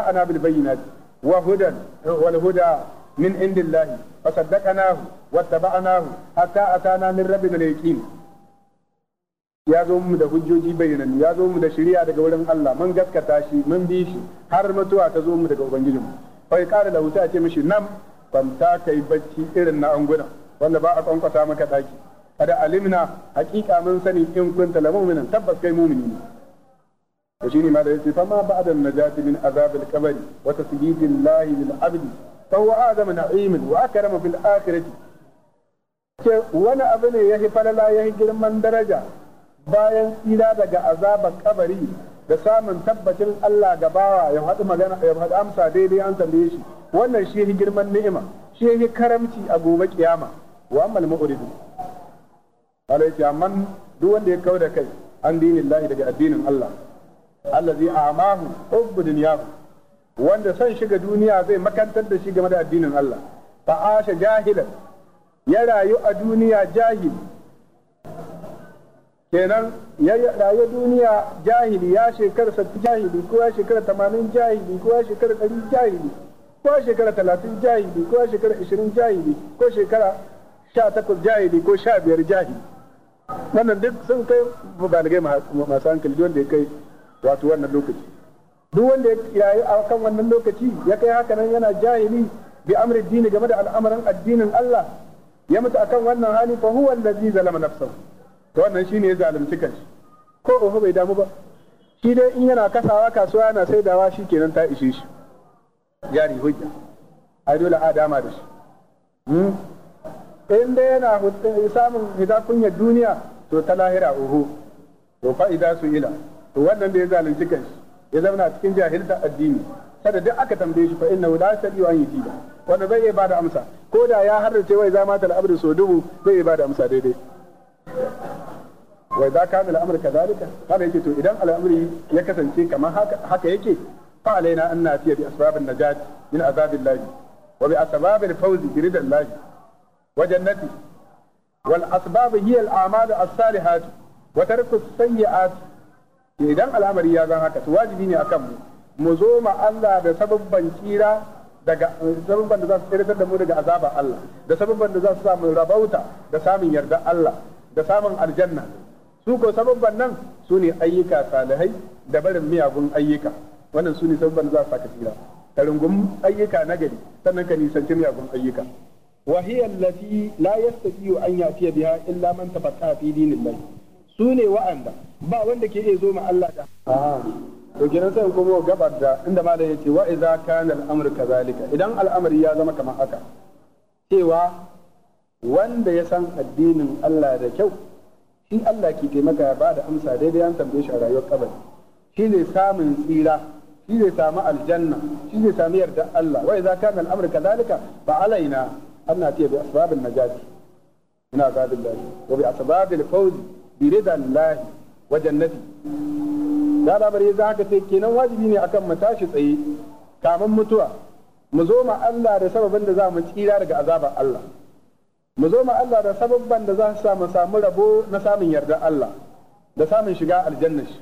ana bil bayyinati wa hudan wal huda min indillahi fasaddaqnahu wattaba'nahu hatta atana min rabbina yaqin ya zo mu da hujjoji bayyanannu ya zo mu da shari'a daga wurin Allah mun gaskata shi mun bi shi har mutuwa ta zo mu daga ubangijinmu fa ya kara da wuta ce mishi nan ban ta kai bacci irin na anguna wanda ba a kwankwasa maka daki kada alimna haqiqa mun sani in kunta la mu'minan tabbas kai mu'mini ne to shine ma da yace fa ma ba'da najati min azab al-qabr wa tasbidillahi lil abdi fa huwa adam na'im wa akrama bil wani abu ne ya yi falala yahi girman daraja bayan tsira daga azabar kabari da samun tabbacin Allah ga bawa ya faɗi magana ya amsa daidai an tambaye shi wannan shi yahi girman ni'ima shi yahi karamci a gobe kiyama wa Ma'uridu. alaihi man duk wanda ya kau da kai an dinin lahi daga addinin Allah allazi amahu hubbu dunyahu wanda son shiga duniya zai makantar da shi game da addinin Allah fa asha jahilan ya rayu a duniya jahili kenan ya rayu duniya jahili ya shekara jahili ko ya shekara tamanin jahili ko ya shekara ɗari jahili ko ya shekara talatin jahili ko ya shekara ashirin jahili ko shekara sha takwas jahili ko sha biyar jahili wannan duk sun kai balagai masu hankali wanda ya kai wato wannan lokaci duk wanda ya yi a kan wannan lokaci ya kai haka nan yana jahili bi amri dini game da al'amarin addinin Allah ya mutu akan wannan hali fa huwa allazi zalama nafsahu to wannan shine ya zalunci kanshi ko oho bai damu ba shi dai in yana kasawa kasuwa yana saidawa shi kenan ta ishe shi jari hujja ai dole a dama da shi hmm? in dai yana samun hita kunya duniya to ta lahira uhu to fa idza su'ila to wannan da ya zalunci kanshi ya zauna cikin jahilta addini kada duk aka tambaye shi fa innahu la yastati an ba wanda zai iya bada amsa ko da ya harrace wai zama tal al'abdu so dubu zai iya bada amsa daidai wai za ka da kadalika kana yake to idan al'amri ya kasance kamar haka yake fa alaina an nafiya bi asbabin najat min azabillahi wa bi asbabil fawzi bi ridallahi وجنته والأسباب هي الأعمال الصالحات وترك السيئات idan al'amari ya zan haka to wajibi ne akan mu mu zo ma Allah da sababban tsira daga sababban da za su tsiratar da mu daga azabar Allah da sababban da za su samu rabauta da samun yarda Allah da samun aljanna su ko sababban nan su ne ayyuka salihai da barin miyagun ayyuka wannan su ne sababban da za su saka tsira ka rungum ayyuka nagari sannan ka nisanci miyagun ayyuka وهي التي لا يستطيع أن يأتي بها إلا من تفقه في دين الله سوني وأندا با wanda ke iya zo ma Allah da to kenan sai kuma gabar da inda malam yace wa idza kana al idan al'amari ya zama kamar haka cewa wanda ya san addinin Allah da kyau shi Allah ke taimaka ba da amsa daidai an tambaye shi a rayuwar kabari shi ne samun tsira shi ne samu aljanna shi ne Allah alaina an na tiya bi asbabin najati ina gadin lahi wa bi asbabil fawz bi ridan lahi wa jannati da labari za ka ce kenan wajibi ne akan mu tashi tsaye kamin mutuwa mu zo ma Allah da sababin da za mu tsira daga azabar Allah mu zo ma Allah da sababban da za su samu samu rabo na samun yarda Allah da samun shiga aljanna shi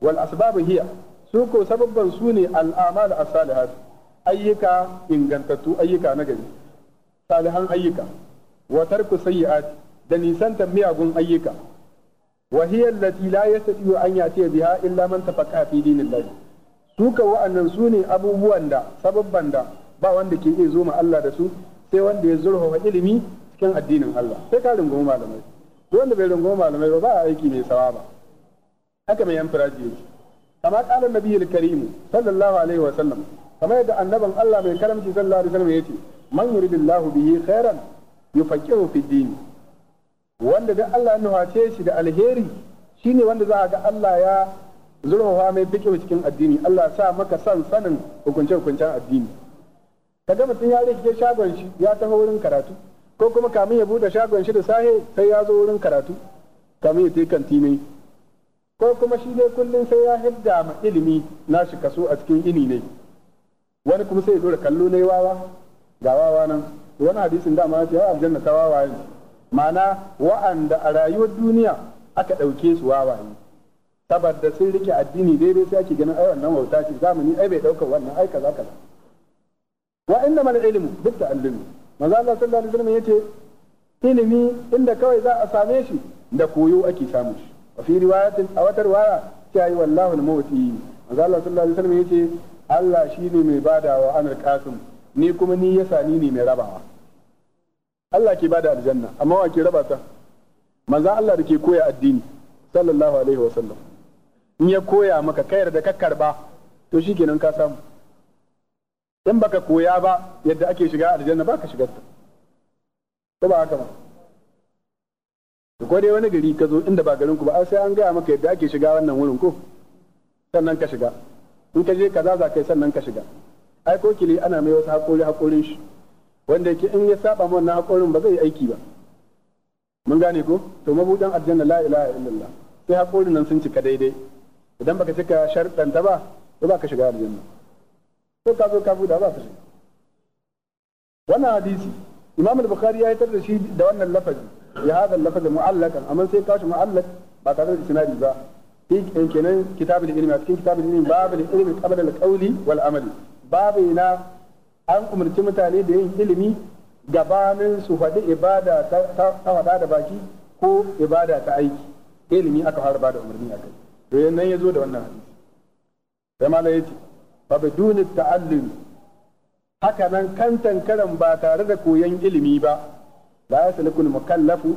wal asbabu hiya su ko sababban su ne al'amal as-salihat ayyuka ingantattu ayyuka na gari salihan ayyuka wa tarku sayyi'at da nisantar miyagun ayyuka wa hiya allati la yastati'u an yati biha illa man tafaqqa fi dinillah su ka wa'annan su ne abubuwan da sababban da ba wanda ke iya zo ma Allah da su sai wanda ya wa ilimi cikin addinin Allah sai ka rungumi malamai duk wanda bai rungumi malamai ba ba aiki mai sawaba haka mai yan firaji yake kama qala nabiyul karim sallallahu alaihi wa sallam kamar yadda annaban Allah mai karamci sallallahu alaihi wasallam yace man yuridillahu bihi khairan yufaqihu fid din wanda da Allah ya nuhace shi da alheri shine wanda za ga Allah ya zurfafa mai fiqhu cikin addini Allah sa maka san sanin hukunce hukuncen addini kaga mutum ya rike shagon shi ya taho wurin karatu ko kuma kamin ya bude shagon shi da sahe sai ya zo wurin karatu kamin ya tai kantine ko kuma shi dai kullum sai ya hidda ma ilimi nashi kaso a cikin ini ne wani kuma sai ya da kallo yi wawa ga wawa nan wani hadisin dama ma ce wa aljanna ta wawaye ma'ana wa'anda a rayuwar duniya aka ɗauke su wawaye saboda sun rike addini daidai sai ake ganin ai wannan wauta ce zamani ai bai ɗaukar wannan ai kaza kaza wa inna mal ilmu duk ta'allumi manzo Allah sallallahu alaihi wasallam yace ilimi inda kawai za a same shi da koyo ake samu shi wa fi riwayatin a wata waya yi wallahu al-mawti manzo Allah sallallahu alaihi wasallam yace Allah shi ne mai badawa anar kasim ni kuma ni yasa ni ne mai rabawa Allah ke bada aljanna amma wa ke raba ta manzo Allah da ke koya addini sallallahu alaihi wasallam in ya koya maka kayar da ka karba to shikenan ka samu in baka koya ba yadda ake shiga aljanna baka shigar ta ko ba haka ba ko dai wani gari ka zo inda ba garin ku ba sai an gaya maka yadda ake shiga wannan wurin ko sannan ka shiga in ka je kazaza za kai sannan ka shiga ai ko kili ana mai wasu haƙori haƙorin shi wanda yake in ya saba mu wannan haƙorin ba zai aiki ba mun gane ko to mabudan aljanna la ilaha illallah sai haƙorin nan sun cika daidai idan baka cika sharɗan ta ba to ba ka shiga aljanna ko ka zo ka buɗa ba ka shiga wannan hadisi imam al-bukhari ya yitar da shi da wannan lafazi ya hada lafazi mu'allakan amma sai kashi mu'allak ba tare da isnadi ba kenan kitabul ilmi a cikin kitabul ilmi babul ilmi qabl al-qawli wal amali babu na an umarci mutane da yin ilimi gabanin su faɗi ibada ta faɗa da baki ko ibada ta aiki ilimi aka fara bada umarni a kai to yannan ya zo da wannan hadisi sai malai yace fa biduni ta'allum haka nan kan tankaran ba tare da koyon ilimi ba la yasalukul mukallafu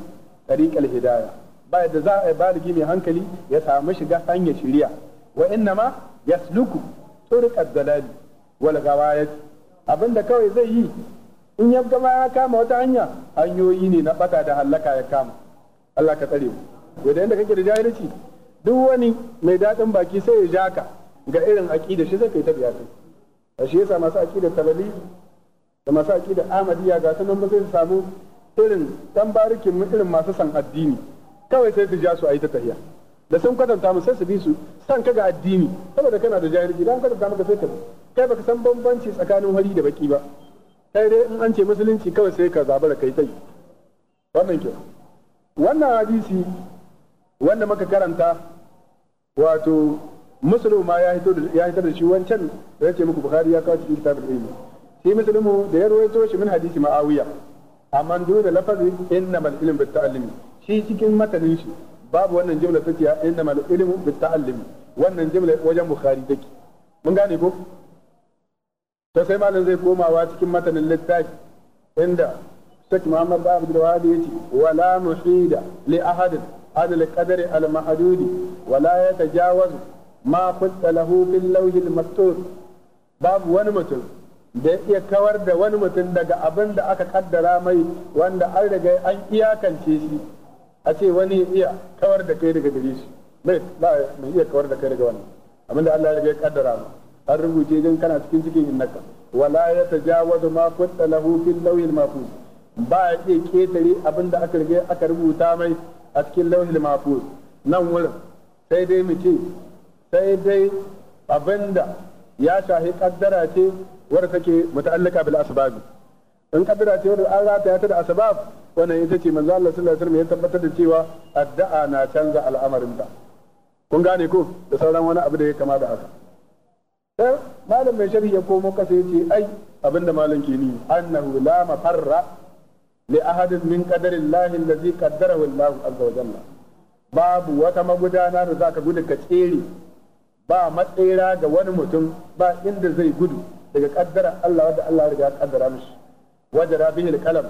tariqal hidayah ba da za a baligi mai hankali ya samu shiga hanyar shirya wa inna ma yasluku turqad dalali wal gawayat abinda kawai zai yi in ya gama ya kama wata hanya hanyoyi ne na bata da hallaka ya kama Allah ka tsare mu da yanda kake da jahilci duk wani mai daɗin baki sai ya jaka ga irin aƙida shi sai kai ta biya kai shi yasa masu aƙidar tabali da masu aƙidar amadiya ga sunan ba zai samu irin tambarikin irin masu san addini kawai sai su ja su a yi ta tahiya da sun kwatanta mu sai su bi su san ka ga addini saboda kana da jahilci dan kwatanta maka sai ka kai baka san bambanci tsakanin wari da baki ba kai dai in an ce musulunci kawai sai ka zaba kai tai wannan ke wannan hadisi wanda muka karanta wato musulun ma ya hito ya hito da shi wancan da yake muku bukhari ya kawo cikin kitabul ilmi shi musulmu da ya rawaito shi min hadisi ma'awiya amma dole lafazin mal ilmu bit ta'allumi shi cikin matanin shi babu wannan jumla take ya mal ilmu bit ta'allumi wannan jumla wajen bukhari take mun gane ko to sai malam zai komawa cikin matanin littafi inda Sheikh Muhammad ba Abdul Wahab yace wala muhida li ahadin adal qadari al mahdudi wala yatajawaz ma qutta lahu bil lawhil maktur babu wani mutum da ya iya kawar da wani mutum daga abin da aka kaddara mai wanda an riga an iyakance shi a ce wani ya iya kawar da kai daga gare shi mai ba mai iya kawar da kai daga wani abin da Allah ya riga ya kaddara ma an rubuce din kana cikin cikin innaka wala ya tajawazu ma kutta lahu fil lawhil mahfuz ba ya iya ketare abin da aka riga aka rubuta mai a cikin lawhil mahfuz nan wurin sai dai mu ce sai dai abinda ya shahi kaddara ce wadda take muta'allaka bil asbab in kaddara ce wadda an rata ta da asbab wannan ita ce manzo Allah sallallahu alaihi wasallam ya tabbatar da cewa addu'a na canza al'amarin ta kun gane ko da sauran wani abu da ya kama da haka sai malam mai sharhi ya komo kasa yace ai abinda malam ke ni annahu la mafarra li ahadin min qadarillahi allazi qaddarahu Allah azza wa jalla babu wata magudana da zaka gudu ka tsere ba matsera ga wani mutum ba inda zai gudu daga kaddara Allah wadda Allah riga kaddara mishi wajara bihi alqalam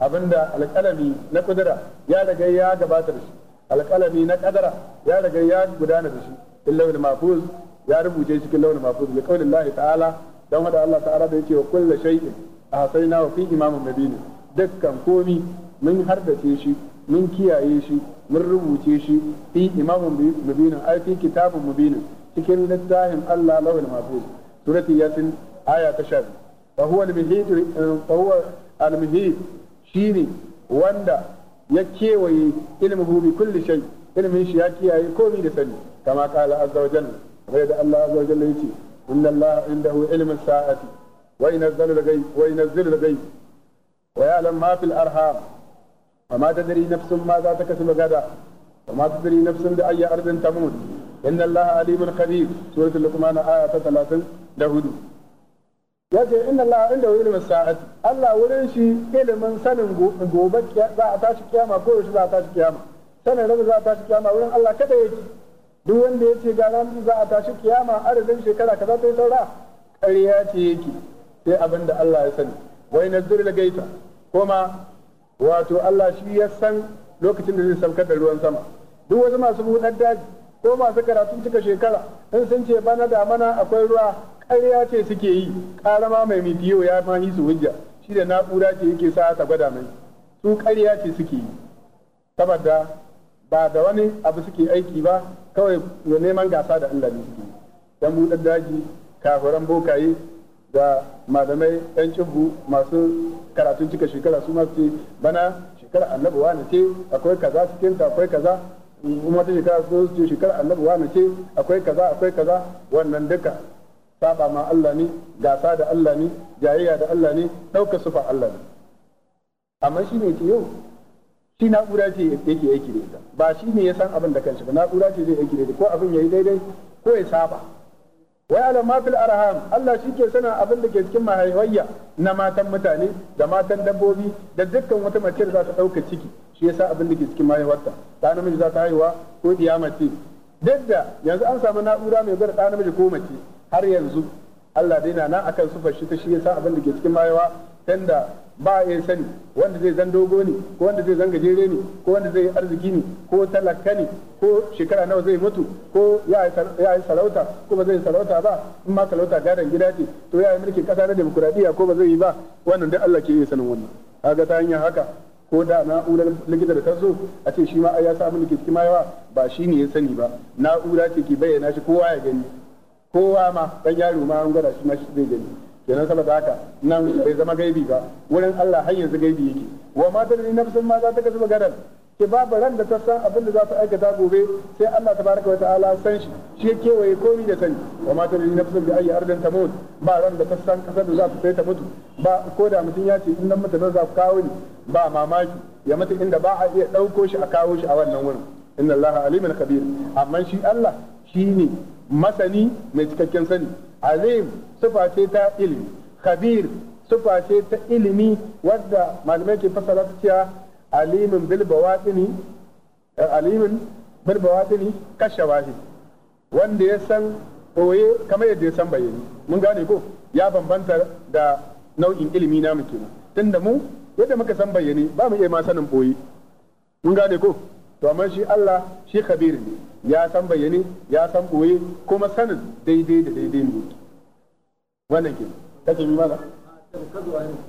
abinda alqalami na kudura ya riga ya gabatar shi alqalami na kadara ya riga ya gudana da shi illawil mahfuz ya rubuce cikin launin mahfuz bi qaulillahi ta'ala dan wada Allah ta'ala da yake wa kullu shay'in ahsayna wa fi imamin mubin dukkan komi mun hardace shi mun kiyaye shi mun rubuce shi fi imamin mubin ai fi kitabun mubinin cikin littafin Allah lawal mafuz surati yasin aya ta 12 fa huwa al-muhit fa huwa al-muhit shine wanda ya kewaye ilmuhu bi kulli shay ilmin shi ya kiyaye komai da sani kama kala azza wa jalla kamar da Allah azza wa jalla yace inna Allah indahu ilmu sa'ati wa yunazzilu al-ghayb wa yunazzilu al-ghayb wa ya'lam ma fil arham ma tadri nafsun وما تدري نفس ماذا تكسب ma tadri nafsun da ayya ardin tamut inna allaha alimun khabir suratul luqman aya ta 30 da hudu ya ce inna allaha inda ilmin sa'ati Allah wurin shi ilimin sanin gobe za a tashi kiyama ko yaushe za a tashi kiyama sanin rabu za a tashi kiyama wurin Allah kada yake duk wanda ya ce ran za a tashi kiyama adadin shekara kaza ta yi saura ƙarya ce yake sai abin da Allah ya sani wai nazir da gaita kuma wato Allah shi ya san lokacin da zai saukar da ruwan sama duk wasu masu buɗar daji ko masu karatu cika shekara in sun ce bana da mana akwai ruwa ƙarya ce suke yi ƙarama mai mitiyo ya mahi su hujja shi da na'ura ce yake sa ta gwada mai su ƙarya ce suke yi saboda ba da wani abu suke aiki ba kawai neman gasa da Allah ne suke dan buɗar daji kafuran bokaye da malamai yan cibu masu karatun cika shekara su ma ce bana shekara annabuwa ne ce akwai kaza cikin akwai kaza kuma ta shekara su ce shekara annabi wa ce akwai kaza akwai kaza wannan duka saba ma Allah ne gasa da Allah ne jayayya da Allah ne ɗauka sufa Allah ne amma shi ne ce yau shi na'ura ce yake aiki da ita ba shi ne ya san abin da kanshi ba na'ura ce zai aiki da ko abin ya yi daidai ko ya saba wa ala ma fil arham Allah shike sanin abin da ke cikin mahaifayya na matan mutane da matan dabbobi da dukkan wata mace da za ta ɗauka ciki shi yasa abin da ke cikin mahaifarta ta namiji za ta haihuwa ko diya mace duk da yanzu an samu na'ura mai bar ɗa namiji ko mace har yanzu Allah dai na nan akan sufar shi ta shi yasa abin da ke cikin mahaifa tanda ba ya sani wanda zai zan dogo ne ko wanda zai zan gajere ne ko wanda zai arziki ne ko talaka ne ko shekara nawa zai mutu ko ya yi sarauta ko ba zai yi sarauta ba in ma sarauta gadon gida ce to ya yi mulkin kasa na demokuraɗiyya ko ba zai yi ba wannan dai Allah ke iya sanin wannan kaga ta hanyar haka ko da na'urar likita da ta a ce shi ma ai ya sa abin ke cikin ba shi ne ya sani ba na'ura ce ke bayyana shi kowa ya gani kowa ma dan yaro ma an gwada shi ma zai gani kenan saboda haka nan bai zama gaibi ba wurin Allah har yanzu gaibi yake wa ma tadri nafsun ma za ta kasu gadan ke babu ran da ta san abin da za ta aikata gobe sai Allah tabaraka wa ta'ala san shi shi ya kewaye komai da sani wa ma tadri nafsun bi ayyi ardin tamut ba ran da ta san kasar da za ta kai ta mutu ba ko da mutum ya ce in nan mutane za ku kawo ni ba mamaki ya mutu inda ba a iya ɗauko shi a kawo shi a wannan wurin inna Allah alimin kabir amma shi Allah shi ne. masani mai cikakken sani azim sufa ce ta ilimi khabir sufa ce ta ilimi wadda malamai ke fasara ta cewa alimin bilbawatini eh, alimin bilbawatini kashe wahi wanda ya san boye kamar yadda ya san bayani mun gane ko ya bambanta da nau'in ilimi namu kenan tunda mu yadda muka san bayani ba mu iya ma sanin boye mun gane ko to amma shi Allah shi khabir ne ya san bayyane ya san boye kuma sanin daidai da daidai ne wannan ke kace mi mana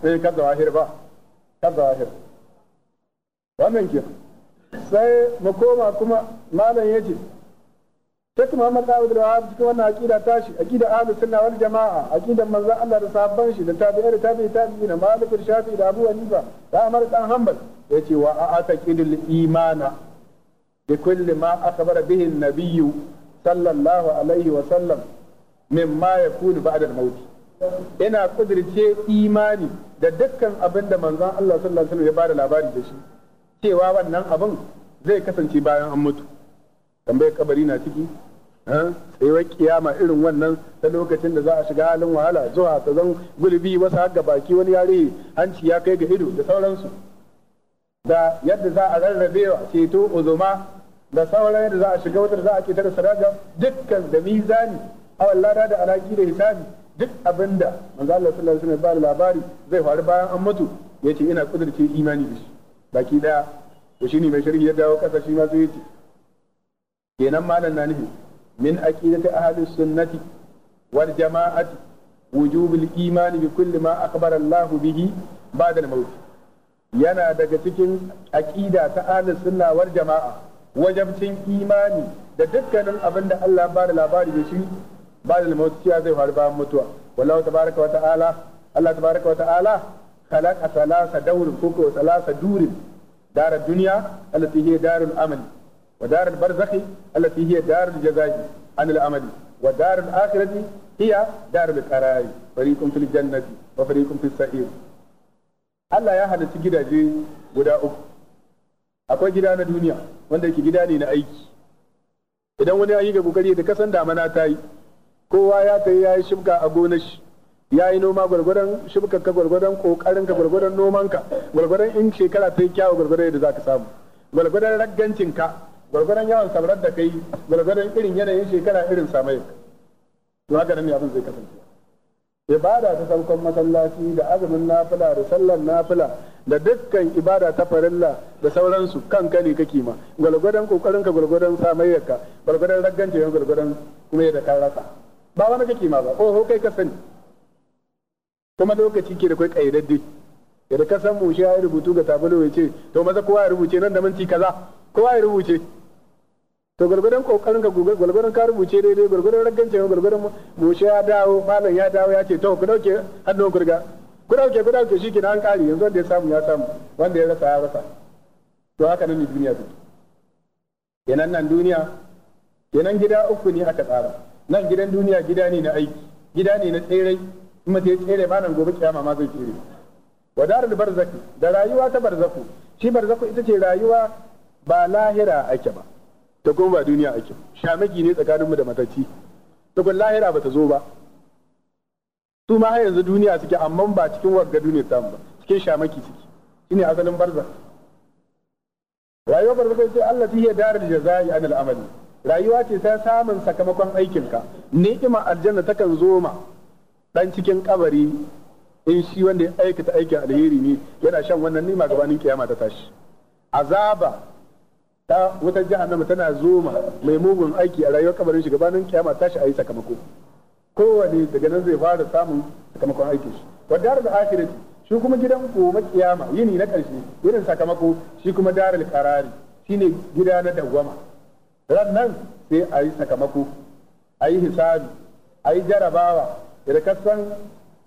sai ka eh, zahir ba ka zahir wannan ke sai mu koma kuma malam yace Sheikh Muhammad da Wahab cikin wannan aqida tashi aqida Ahlus Sunna wal Jama'a aqidan manzon Allah da sahabban shi da tabi'i da tabi'i tabi'i da Malik Shafi'i da Abu Hanifa da Ahmad dan Hanbal yace wa a'ata qidil imana بكل ما أخبر به النبي صلى الله عليه وسلم مما يكون بعد الموت ina kudirce imani da dukkan abin da manzon Allah sallallahu alaihi wasallam ya bada labari da shi cewa wannan abin zai kasance bayan an mutu tambayar kabari na ciki tsayuwar kiyama irin wannan ta lokacin da za a shiga halin wahala zuwa ta zan gulbi wasu har baki wani yare hanci ya kai ga ido da sauransu da yadda za a rarrabe wa ceto uzuma da sauran yadda za a shiga wutar za a ketar sadaka dukkan da mizani a lada da alaƙi, da hisabi duk abinda manzo Allah sallallahu alaihi wasallam ba labari zai faru bayan an mutu yace ina kudurce imani da shi baki daya to shine mai sharhi ya dawo kasa shi ma sai yace kenan malam na nufi min aqidati ahli sunnati wal jama'ati wujubul imani bi kulli ma akhbara Allah bihi ba'da al-maut yana daga cikin aƙida ta ahlus sunna wal jama'a wajabcin imani da dukkanin abin da Allah ba da labari da shi ba da mutuwa zai faru ba mutuwa wallahu tabaraka wa ta'ala Allah tabaraka wa ta'ala khalaqa salasa daurin ko thalatha durin dar ad-dunya allati hiya darul amali wa dar al-barzakhi allati hiya darul jazai an al-amali wa dar al-akhirati hiya darul qarari fariqun fil jannati wa fariqun fis sa'ir Allah ya halarci gidaje guda uku akwai gida na duniya wanda yake gida ne na aiki idan wani ya yi ga kokari da kasan damana ta yi kowa ya kai ya yi shibka a gonar shi ya yi noma gwargwadon shibkar ka gwargwadon kokarin ka gwargwadon noman ka gwargwadon in shekara ta yi kyawu gwargwadon yadda za ka samu gwargwadon raggancin ka gwargwadon yawan samarar da kai gwargwadon irin yanayin shekara irin samayar to haka nan ne abin zai kasance ibada ta saukon masallaci da azumin nafila da sallar nafila da dukkan ibada ta farilla da sauransu kan kane kake ma gwalgwadon kokarin ka gwalgwadon samayyarka gwalgwadon raggance ka gwalgwadon kuma yadda ka rasa ba wani kake ma ba oho kai ka sani kuma lokaci ke da kai kayyadadde yadda ka san mu shi ya rubutu ga tabulu ya ce to maza kowa ya rubuce nan da minti kaza kowa ya rubuce to gwargwadon kokarin ka gwargwadon ka rubuce daidai gwargwadon ma, gwargwadon goshi ya dawo malam ya dawo ya ce to ku dauke hannu ku kurga ku dauke ku dauke shi an kare yanzu wanda ya samu ya samu wanda ya rasa ya rasa to haka nan duniya take kenan nan duniya kenan gida uku ne aka tsara nan gidan duniya gida ne na aiki gida ne na tsere in mace ya tsere ma nan gobe kiyama ma zai tsere wa darul barzaki da rayuwa ta barzaku shi barzaku ita ce rayuwa ba lahira ake ba ta kuma ba duniya ake shamaki ne tsakaninmu da matacci tukun lahira ba ta zo ba su ma har yanzu duniya suke amma ba cikin wagga duniya ta ba cikin shamaki suke shine asalin barza rayuwar barza ce Allah ta hiya darar jazai an amali rayuwa ce ta samun sakamakon aikinka ni'ima aljanna takan zo ma dan cikin kabari in shi wanda ya aikata aikin alheri ne yana shan wannan nima gabanin kiyama ta tashi azaba ta wutar jahannama tana zoma mai mugun aiki a rayuwar kabarin shi gabanin kiyama tashi a yi sakamako kowane daga nan zai fara samun sakamakon aikin shi wadda da akhirati shi kuma gidan gobe kiyama yini na karshe irin sakamako shi kuma darul karari shine gida na dawwama ran nan sai a yi sakamako a yi hisabi a yi jarabawa da kasan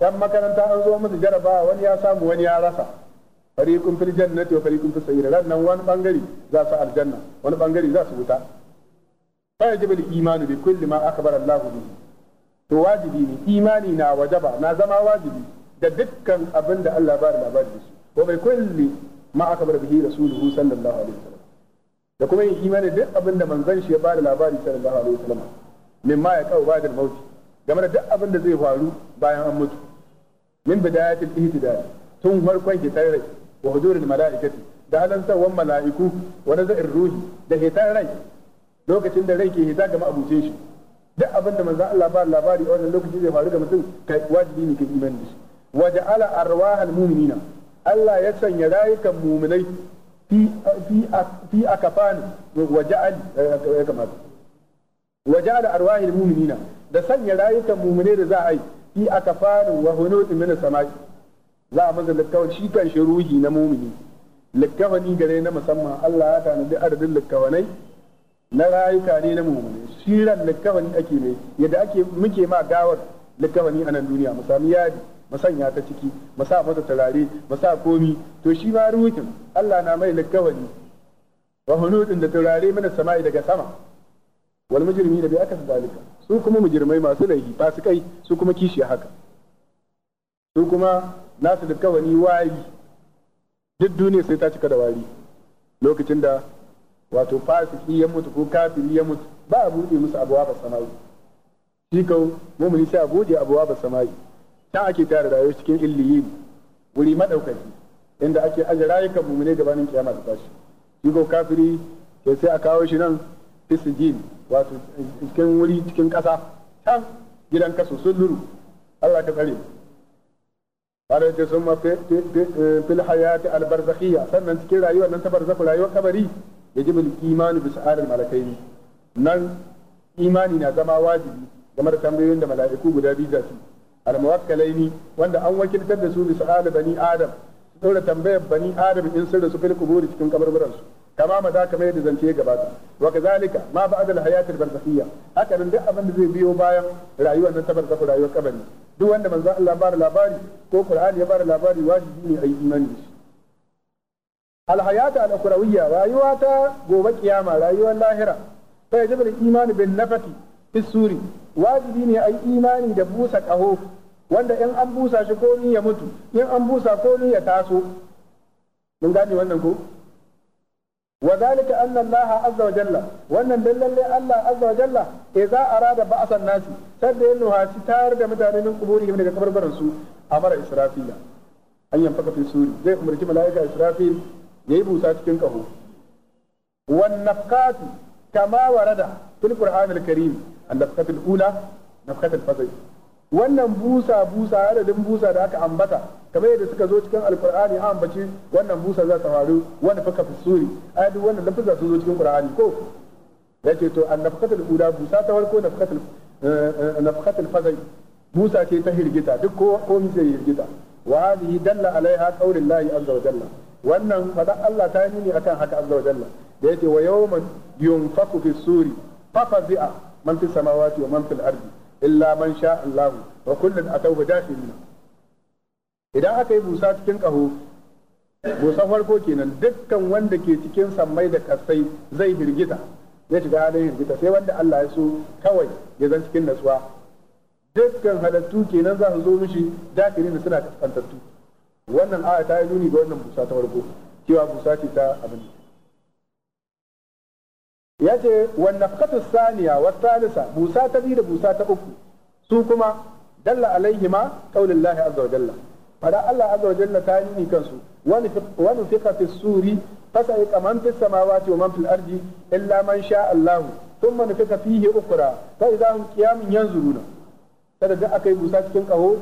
dan makaranta an zo musu jarabawa wani ya samu wani ya rasa fariqun fil jannati wa fariqun fis sa'ir nan wani bangare za su aljanna wani bangare za su wuta fa yajibu al-imanu bi kulli ma akhbara Allah bihi to wajibi ne imani na wajaba na zama wajibi da dukkan abin da Allah ba da labari da shi wa bai kulli ma akhbara bihi rasuluhu sallallahu alaihi wasallam da kuma yin imani duk abin da manzon shi ya ba da labari sallallahu alaihi wasallam ma ya kawo ba da mauti game da duk abin da zai faru bayan an mutu min bidayatil ihtidal tun farkon ki tsare wa hujuril mala'ikati da alantawan mala'iku wa nazarin ruhi da hitan rai lokacin da rai ke hita ga ma'abuce shi duk abin da a Allah labari a wannan lokaci zai faru ga mutum kai wajibi ne kai imani da shi wa ja'ala arwahal mu'minina Allah ya sanya rayukan mu'minai fi fi fi akafani wa ja'al eh, ya kamata mu'minina da sanya rayukan mu'minai da za a yi fi akafani wa hunutin min za a masa littawa shi kan ruhi na mumini ni gare na musamman Allah ya tanadi adadin likkawanai na rayuka ne na mumini shiran likkawani ake mai yadda ake muke ma gawar likkawani a nan duniya mu sami yadi mu sanya ta ciki mu masa turare mu komi to shi ma ruhin Allah na mai likawani. wa hunudin da turare mana sama'i daga sama wal mujrimi da bi aka dalika su kuma mujrimai masu laifi fasikai su kuma kishi haka su kuma nasu da kawani wari duk duniya sai ta cika da wari lokacin da wato fasiki ya mutu ko kafiri ya mutu ba a buɗe musu abuwa ba sama'i shi kau mumuni sai a buɗe abuwa ba sama'i ta ake tare da cikin illiyin wuri madaukaki inda ake aje rayukan mumune gabanin kiyama ta tashi shi kau kafiri ke sai a kawo shi nan fisijin wato cikin wuri cikin ƙasa can gidan kaso sun luru Allah ka tsare mu kada ce sun mafi ta hayati sannan cikin rayuwar nan ta barzakhu rayuwar kabari ya ji imanu bi sa'aril malakaini nan imani na zama wajibi game da tambayoyin da mala'iku guda biyu da su al muwakkalaini wanda an wakiltar da su bi sa'al bani adam dole tambayar bani adam in sun rasu fil kuburi cikin kabarburan su tamama za kamar da zance ya gabata wa kazalika ma ba'da al-hayat al-barzakhiyya haka duk abin da zai biyo bayan rayuwar nan ta barzakh rayuwar kabari duk wanda manzo Allah bara labari ko Qur'ani ya bara labari wajibi ne a imani al-hayat al rayuwa ta gobe kiyama rayuwar lahira fa yajibu al-iman bin nafati fi suri wajibi ne a yi imani da busa kaho wanda in an busa shi ko ni ya mutu in an busa ko ni ya taso mun gane wannan ko wa zalika anna Allah azza wa jalla wannan dan lalle Allah azza wa jalla a rada ba'asan nasi sadda yin nuhaci tayar da mutane min kuburi daga kabarbaran su amara israfila an yanfaka zai umarci malaika ya yi busa cikin kaho wan nafqatu kama warada fil qur'anil karim an nafqatul ula nafqatul fasl wannan busa busa adadin busa da aka ambata kamar yadda suka zo cikin alkur'ani an ambaci wannan busa za ta faru wanda faka fisuri ai duk wannan lafiza sun zo cikin qur'ani ko yace to annafaqatul ula busa ta farko nafaqatul eh, eh, nafaqatul fazai busa ce ta hirgita duk ko ko mi zai hirgita wa hadhihi dalla alaiha qaulullahi azza wa jalla wannan fada Allah ta yi ne akan haka azza wa jalla da yace wa yawman yunfaku fisuri fafazi'a man fis samawati wa man fil ardi illa man sha allahu wa kullun atawhu dafirin idan aka yi busa cikin kaho busa farko kenan dukkan wanda ke cikin sammai da kasai zai hirgita zai shiga halin hirgita sai wanda Allah ya so kawai ya zan cikin natsuwa dukkan halattu kenan za su zo mishi dafirin suna kaskantattu wannan aya ta yi nuni ga wannan busa ta farko cewa busa ce ta abin ya ce wannan katus saniya wa salisa busa ta biyu da busa ta uku su kuma dalla alaihi ma kaulin lahi azza wa jalla Allah azza wa jalla ta ni kansu wani fika fi suri fasa yi kaman fi samawati wa man fil arji illa man sha Allahu sun man fika fihi ukura ta idza yanzu qiyamun yanzuruna da aka yi busa cikin kaho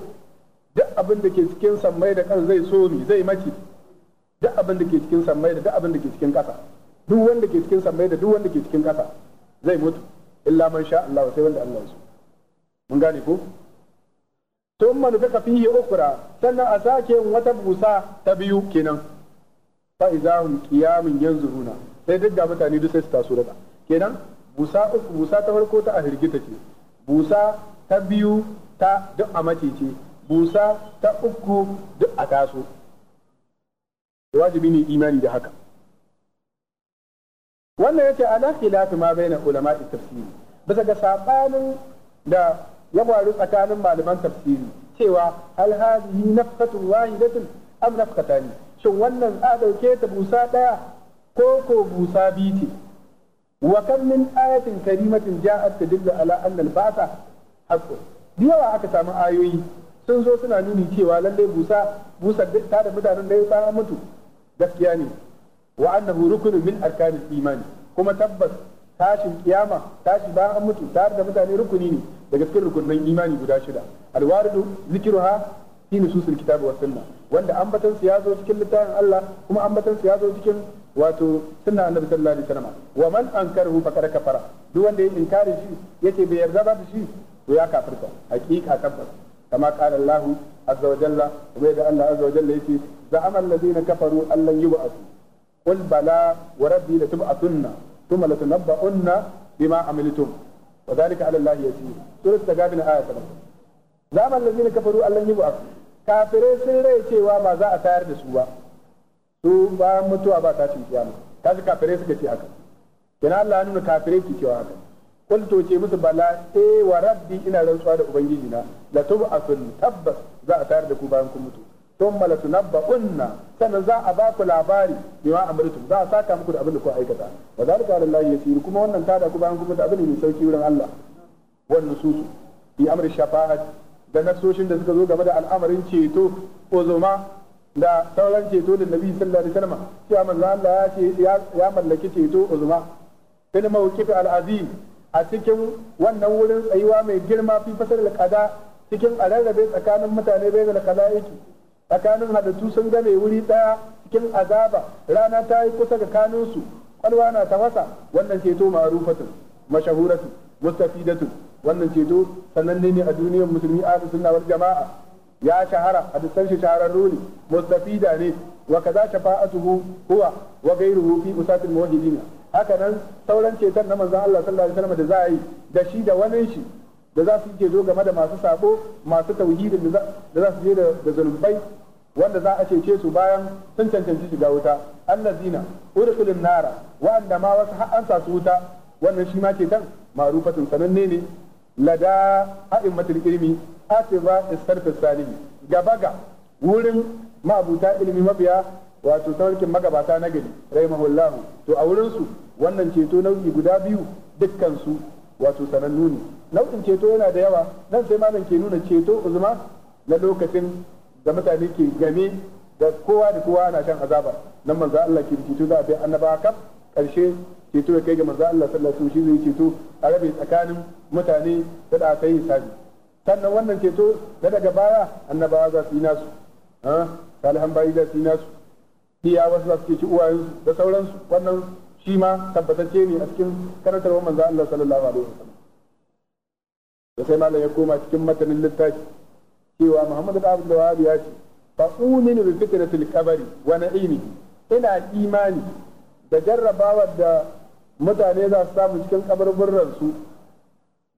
duk abin da ke cikin sammai da kan zai so ni zai mace duk abin da ke cikin sammai da duk abin da ke cikin kasa duk wanda ke cikin sammai da duk wanda ke cikin ƙasa zai mutu illa man sha Allah sai wanda Allah ya so mun gane ko thumma nufika fihi ukhra sannan a sake wata busa ta biyu kenan fa izahum qiyamun yanzuruna sai duk ga mutane duk sai su taso daga kenan busa uku busa ta farko ta a hirgita ce busa ta biyu ta duk a mace ce busa ta uku duk a taso wajibi ne imani da haka wannan yace ala khilafi ma baina ulama tafsiri bisa ga sabanin da ya faru tsakanin malaman tafsiri cewa al hadhihi nafqatun wahidatin am nafqatani shin wannan a dauke ta busa daya ko ko busa biyu wa kam min ayatin karimatin ja'at tadullu ala anna al-ba'sa haqqun yawa aka samu ayoyi sun zo suna nuni cewa lallai busa busar ta da mutanen da ya mutu gaskiya ne wa annahu rukunu min imani kuma tabbas tashin ƙiyama tashi bayan an mutu tare da mutane rukuni ne daga cikin rukunin imani guda shida alwaridu zikruha fi nususil kitabi was sunna wanda ambatan su ya zo cikin littafin Allah kuma ambatan su ya zo cikin wato sunna annabi sallallahu alaihi wasallam wa man ankarahu faqad kafara duk wanda ya inkari shi yake bai yarda ba da shi to ya kafirta hakika tabbas كما قال الله عز وجل ويد الله عز وجل يتي زعم الذين كفروا أن لن يبعثوا qul bala wa rabbi la tub'atunna thumma la tunabba'unna bima amiltum wa dhalika 'ala allahi yasir surat tagabin aya 7 zaman allazina kafaru allan yub'ath kafirai sun rai cewa ba za a tayar da su ba su ba mutuwa ba tashin kiyama kaji kafirai suka ce haka kina Allah ya nuna kafirai ke cewa haka qultu ce musu bala eh wa ina rantsuwa da ubangiji na la tabbas za a tayar da ku bayan kun mutu thumma latunabba'unna sannan za a ba ku labari bima amirtum za a saka muku da abin da ku aikata wa zalika ya kuma wannan tada ku bayan kuma da abin mai sauki wurin Allah wannan su fi amri shafa'at da nasoshin da suka zo game da al'amarin ceto ko zoma da sauran ceto da nabi sallallahu alaihi wasallam cewa manzo Allah ya ce ya mallaki ceto uzma fil mawqif al-azim a cikin wannan wurin tsayuwa mai girma fi fasar al-qada cikin ararrabe tsakanin mutane bai da al-qada'iki tsakanin halittu sun game wuri ɗaya cikin azaba rana ta yi kusa ga kanunsu kwalwa na tafasa wannan ceto ma'rufatun mashahuratu mustafidatu wannan ceto sannan ne a duniyar musulmi ahlus sunna wal jama'a ya shahara dukkan shi shahararru ne mustafida ne wa kaza shafa'atuhu huwa wa ghayruhu fi usatil muwahhidin haka nan sauran ceton na manzon Allah sallallahu alaihi wasallam da za a yi da shi da wani shi da za su je game da masu sabo masu tauhidin da za su je da zunubai wanda za a cece su bayan sun cancanci shiga wuta allazina urkulun nara wa'anda ma wasu ha'ansa su wuta wannan shi ma ke kan ma'rufatun sananne ne lada a'immatul ilmi atiba istarfis salimi gaba ga wurin ma'abuta ilmi mabiya wato sarkin magabata na gari rahimahullahu to a wurin su wannan ceto nau'i guda biyu dukkansu wato sanannu ne nau'in ceto yana da yawa nan sai malam ke nuna ceto uzma na lokacin da mutane ke game da kowa da kowa na shan azaba nan manzo Allah ke ceto za a bi annaba kaf karshe ceto kai ga manzo Allah sallallahu alaihi wasallam shi zai ceto a rabe tsakanin mutane da da kai hisabi sannan wannan ceto da daga baya annabawa za su yi nasu ha salihan bayi za su yi nasu iya wasu za su ci uwayensu da sauransu wannan shi ma tabbatacce ne a cikin karantarwa manzo Allah sallallahu alaihi wasallam da sai malam ya koma cikin matanin littafi cewa Muhammad da Abdul ya ce fa uminu bi fikratil qabri wa ina imani da jarrabawar da mutane za su samu cikin kabarburran su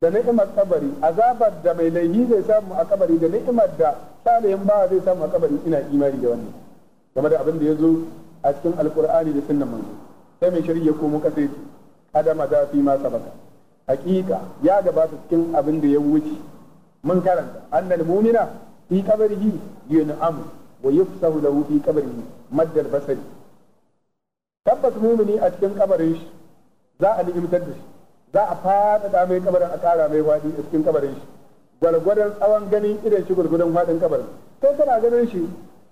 da ni'imar kabari azabar da mai laihi zai samu a kabari da ni'imar da salihin ba zai samu a kabari ina imani da wannan game da abin da ya zo a cikin alkur'ani da sunnan manzo sai mai shari'a ko muka sai adama da fi ma sabaka hakika ya gabata cikin abin da ya wuce mun karanta annal mu'mina fi qabrihi yun'amu wa yufsahu lahu fi qabrihi maddal basari tabbas mumini a cikin kabarin shi za a ni'imtar da shi za a faɗaɗa mai kabarin a ƙara mai wadi a cikin kabarin shi gwargwadon tsawon gani idan shi gwargwadon faɗin kabarin kai kana ganin shi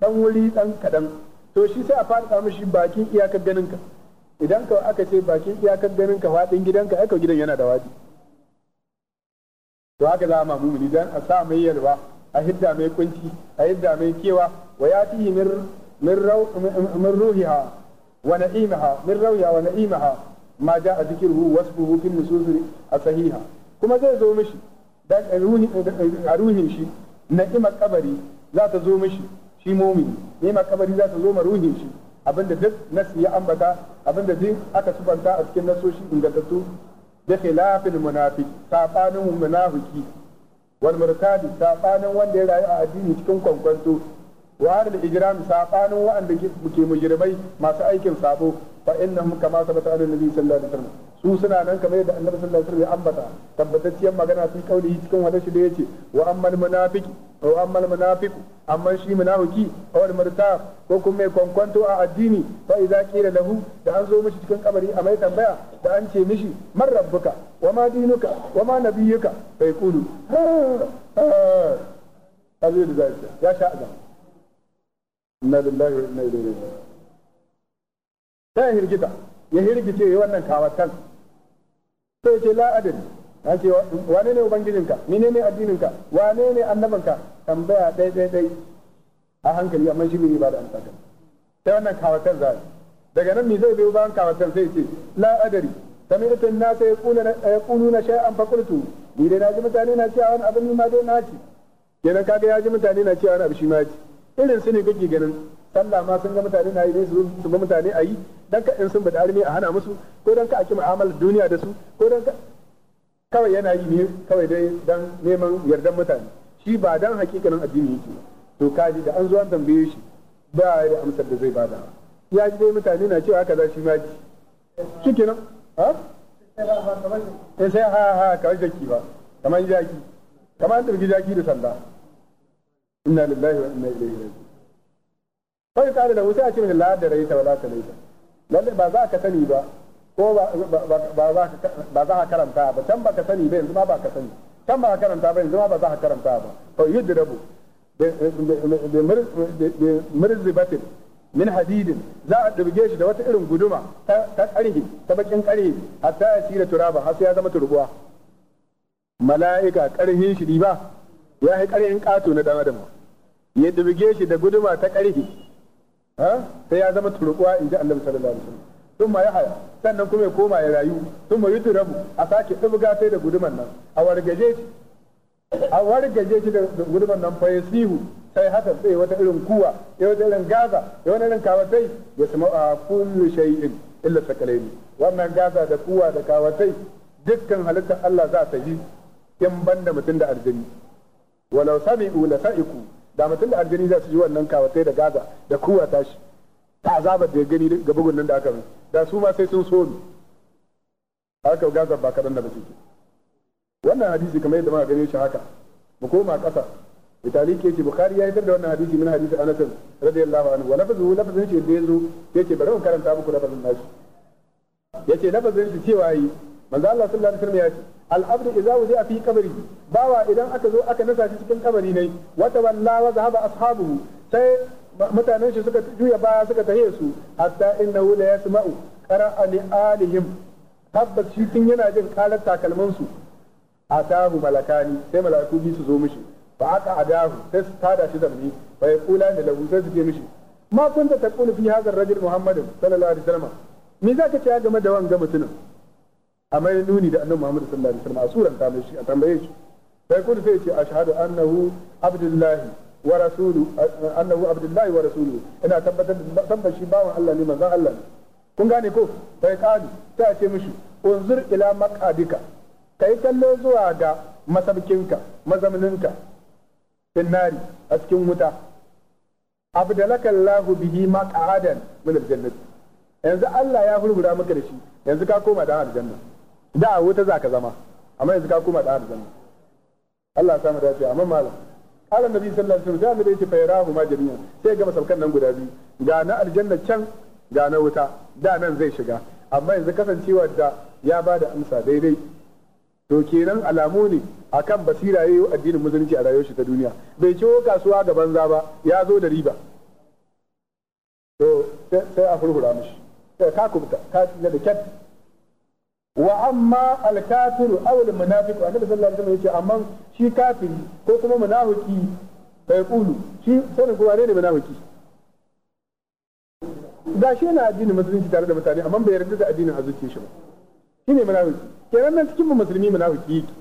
ɗan wuri ɗan kaɗan to shi sai a faɗaɗa mishi bakin iyakar ganin ka idan ka aka ce bakin iyakar ganin ka faɗin gidanka aka gidan yana da wadi. to haka za ma mumini dan a sa mai yalwa a hidda mai kunci a hidda mai kewa wa yatihi min min ruhiha wa na'imaha min ruhiha wa na'imaha ma ja'a dhikruhu wasfuhu fil nusus as-sahiha kuma zai zo mishi dan a ruhin shi na'ima kabari za ta zo mishi shi mumini na'ima kabari za ta zo ma ruhin shi abinda duk nasi ya ambata abinda duk aka subanta a cikin nasoshi ingantattu bi khilafil munafiq sabanin munafiki wal murtadi sabanin wanda ya rayu a addini cikin kwankwanto wa al ijram sabanin wa'anda ke mujrimai masu aikin sabo fa innahum kama sabata an nabi sallallahu alaihi wasallam su suna nan kamar yadda annabi sallallahu alaihi wasallam ya ambata tabbatacciyar magana fi kaulihi cikin shi da yace wa ammal munafiqu wa ammal amma shi munafiki aw al ko kuma mai kwankwanto a addini fa idza qila lahu da an zo mishi cikin kabari a mai tambaya da an ce mishi man rabbuka wa ma dinuka wa ma nabiyyuka fa ya ta hirgita ya hirgice ya wannan kawatan sai ce la adin ya ce wane ne ubangijinka mine ne addininka wane ne annabanka tambaya ɗai ɗai ɗai a hankali amma shi bai ba da amsa sai wannan kawatan za daga nan mi zai biyo bayan kawatan sai ce la adari sami'tu an-nasa yaquluna shay'an fa qultu ni dai naji mutane na cewa wani abin ma dai na ci kenan kaga ya ji mutane na cewa wani abu shi ma ci irin su ne kake ganin sallah ma sun ga mutane na yi su su ga mutane a yi dan ka in sun bada arme a hana musu ko dan ka aki mu'amalar duniya da su ko dan ka kawai yana yi ne kawai dai dan neman yardan mutane shi ba dan hakikanin addini yake to kaji da an zo an tambaye shi ba yi amsar da zai bada ya ji dai mutane na cewa za shi ma ji shikenan ha eh, sai ha ha kawai jaki ba kamar jaki kamar an jaki da sanda inna lillahi wa inna ilaihi raji'un sai ka da wuce a cikin la da raita wala ta laita lalle ba za ka sani ba ba za ka karanta ba can ba ka sani ba yanzu ma ba ka sani can ba ka karanta ba yanzu ma ba za ka karanta ba to yudrabu bi mirzibatin min hadidin za a dirge shi da wata irin guduma ta karhi ta bakin karhi hatta ya da turaba har sai ya zama turbuwa mala'ika karhin shi ba ya yi ƙarfin ƙato na ɗan adam ya dubige shi da guduma ta ƙarfi sai ya zama turkuwa in ji annabi sallallahu alaihi wasallam sun ma ya haya sannan kuma ya koma ya rayu sun ma yutu rabu a sake ɗubga sai da guduman nan a wargaje shi a wargaje shi da guduman nan fa sihu sai haka sai wata irin kuwa ya wata irin gaza ya wani irin kawatai ya sama a kullu shay'in illa sakalaini wannan gaza da kuwa da kawatai dukkan halittar Allah za ta yi in banda mutum da aljini walau sami'u la sa'iku da mutum da aljani za su ji wannan kawatai da gaza da kuwa tashi ta azabar da ya gani ga bugun nan da aka yi da su ma sai sun so ni haka gaza ba kadan da ba suke wannan hadisi kamar yadda muka gane shi haka mu koma ƙasa Italiya ke ce bukhari ya yi da wannan hadisi min hadisi anas radiyallahu anhu wa lafzu lafazin shi da yanzu yake bari mu karanta muku lafazin nashi yace lafazin shi cewa yi manzo Allah sallallahu alaihi wasallam ya ce al-abdu idza wuzi'a fi qabri bawa idan aka zo aka nasa shi cikin kabari ne wa tawalla wa zahaba ashabuhu sai mutanen shi suka juya baya suka tahe su hatta innahu la yasma'u qara'a li alihim tabbas shi tun yana jin karar takalman su atahu malakani sai malaku bi su zo mishi fa aka adahu sai su tada shi zambi fa yaqula da lahu sai su ce mishi ma kunta taqulu fi hadha ar-rajul muhammadin sallallahu alaihi wasallam me zaka ce game da wanga mutumin A mai nuni da annabi Muhammad sallallahu alaihi wasallam a suran ta mai shi a tambaye shi sai kun sai ce ashhadu annahu abdullahi wa rasulu annahu abdullahi wa rasulu ina tabbatar da shi bawan Allah ne manzon Allah ne kun gane ko sai kani sai a ce mishi unzur ila maqadika kai kallo zuwa ga masabkinka mazamninka nari a cikin wuta abdalaka Allah bihi maq'adan min aljannah yanzu Allah ya hurhura maka da shi yanzu ka koma da aljanna da wuta za ka zama amma yanzu ka kuma da aljanna Allah ya samu dace amma malam قال nabi sallallahu alaihi wasallam وسلم sai annabi fa yarahu ma jami'an sai ga masalkan nan guda biyu ga na aljanna can ga na wuta da nan zai shiga amma yanzu kasancewa da ya ba da amsa daidai to kenan alamu ne akan basira yayin addinin musulunci a rayuwar shi ta duniya bai ciwo kasuwa ga banza ba ya zo da riba to sai a hurhura mishi sai ka kubta ka da kyat wa amma alkafiru aw wa annabi sallallahu alaihi wasallam yace amma shi kafiri ko kuma munafiki bai kulu shi sanin ko ne munafiki da shi na addinin musulunci tare da mutane amma bai yarda da addinin azuci shi ba ne munafiki kenan nan cikin musulmi munafiki yake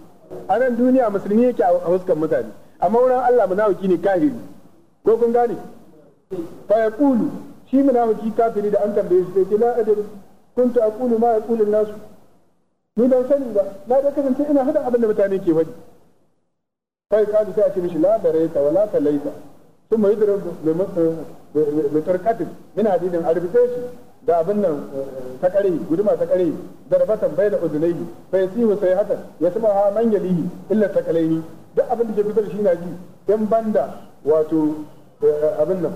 a nan duniya musulmi yake a huskan mutane amma wurin Allah munafiki ne kafiri ko kun gane fa yaqulu shi munafiki kafiri da an tambaye shi sai la adri kuntu aqulu ma yaqulu an-nasu ni ban sani ba na da kasance ina hada abin da mutane ke faɗi kai kalu sai a ce mishi la baraita wa la kalaita ثم da بتركته من حديد اربتيش da abin nan eh, ta kare guduma ta kare darbatan bai da udunai bai hu sai hatan ya tuba ha man yalihi illa ta kalaini duk abin da ke fitar shi na ji yan banda wato eh, abin nan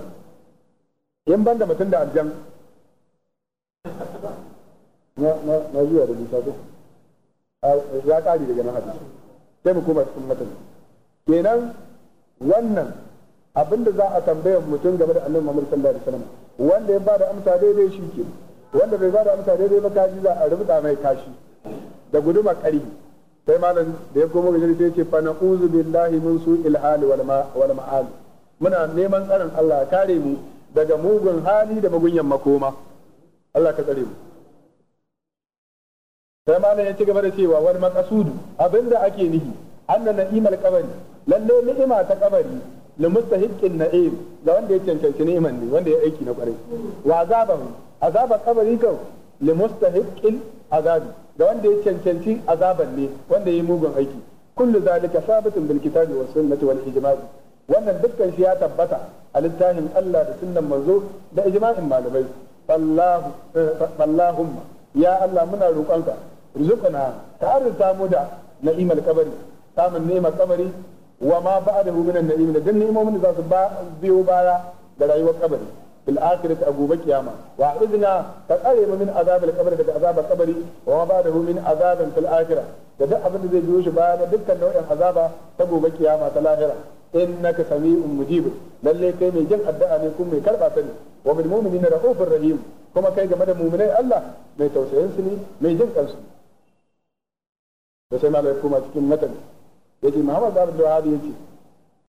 yan banda mutum da aljan na na na zuwa da bisa ya kare daga nan hadisi sai mu koma cikin matan kenan wannan abinda za a tambaya mutum game da annabi Muhammad sallallahu alaihi wasallam wanda ya bada amsa daidai shi ke wanda bai bada amsa daidai ba kaji za a rubuta mai kashi da guduma kari sai malam da ya koma gari sai ce fa na'uzu billahi min su'il hal wal ma'al muna neman tsarin Allah kare mu daga mugun hali da magunyan makoma Allah ka tsare mu sai malam ya ci gaba da cewa wani makasudu abinda ake nihi anna na'imal qabri lalle ni'ima ta qabri li mustahiqqin na'im ga wanda ya cancanci ni'iman ne wanda ya aiki na kwarai wa azabahu azaba qabri kan li mustahiqqin azabi ga wanda ya cancanci azaban ne wanda ya yi mugun aiki kullu zalika sabitun bil kitabi was sunnati wal ijma'i wannan dukkan shi ya tabbata a littafin Allah da sunnan manzo da ijma'in malamai eh, Allahumma ya Allah muna roƙonka rizqana ka arzuta mu da na'imar kabari samun ni'imar kabari wa ma ba'dahu min an-na'im da dan ni'imomin da za biyo baya da rayuwar kabari bil akhirati a gobe kiyama wa idna ka tsare mu min kabari daga azabar kabari wa ma ba'dahu min azabin fil akhirah da duk abin da zai biyo shi baya da dukkan nau'in azaba ta gobe kiyama ta lahira innaka sami'un mujib lalle kai mai jin addu'a ne kuma mai karba sani wa bil mu'minina rahufur rahim kuma kai game da mu'minai Allah mai tausayin su ne mai jin kansu da sai malai kuma cikin matan yace Muhammad da Abdul Wahab yace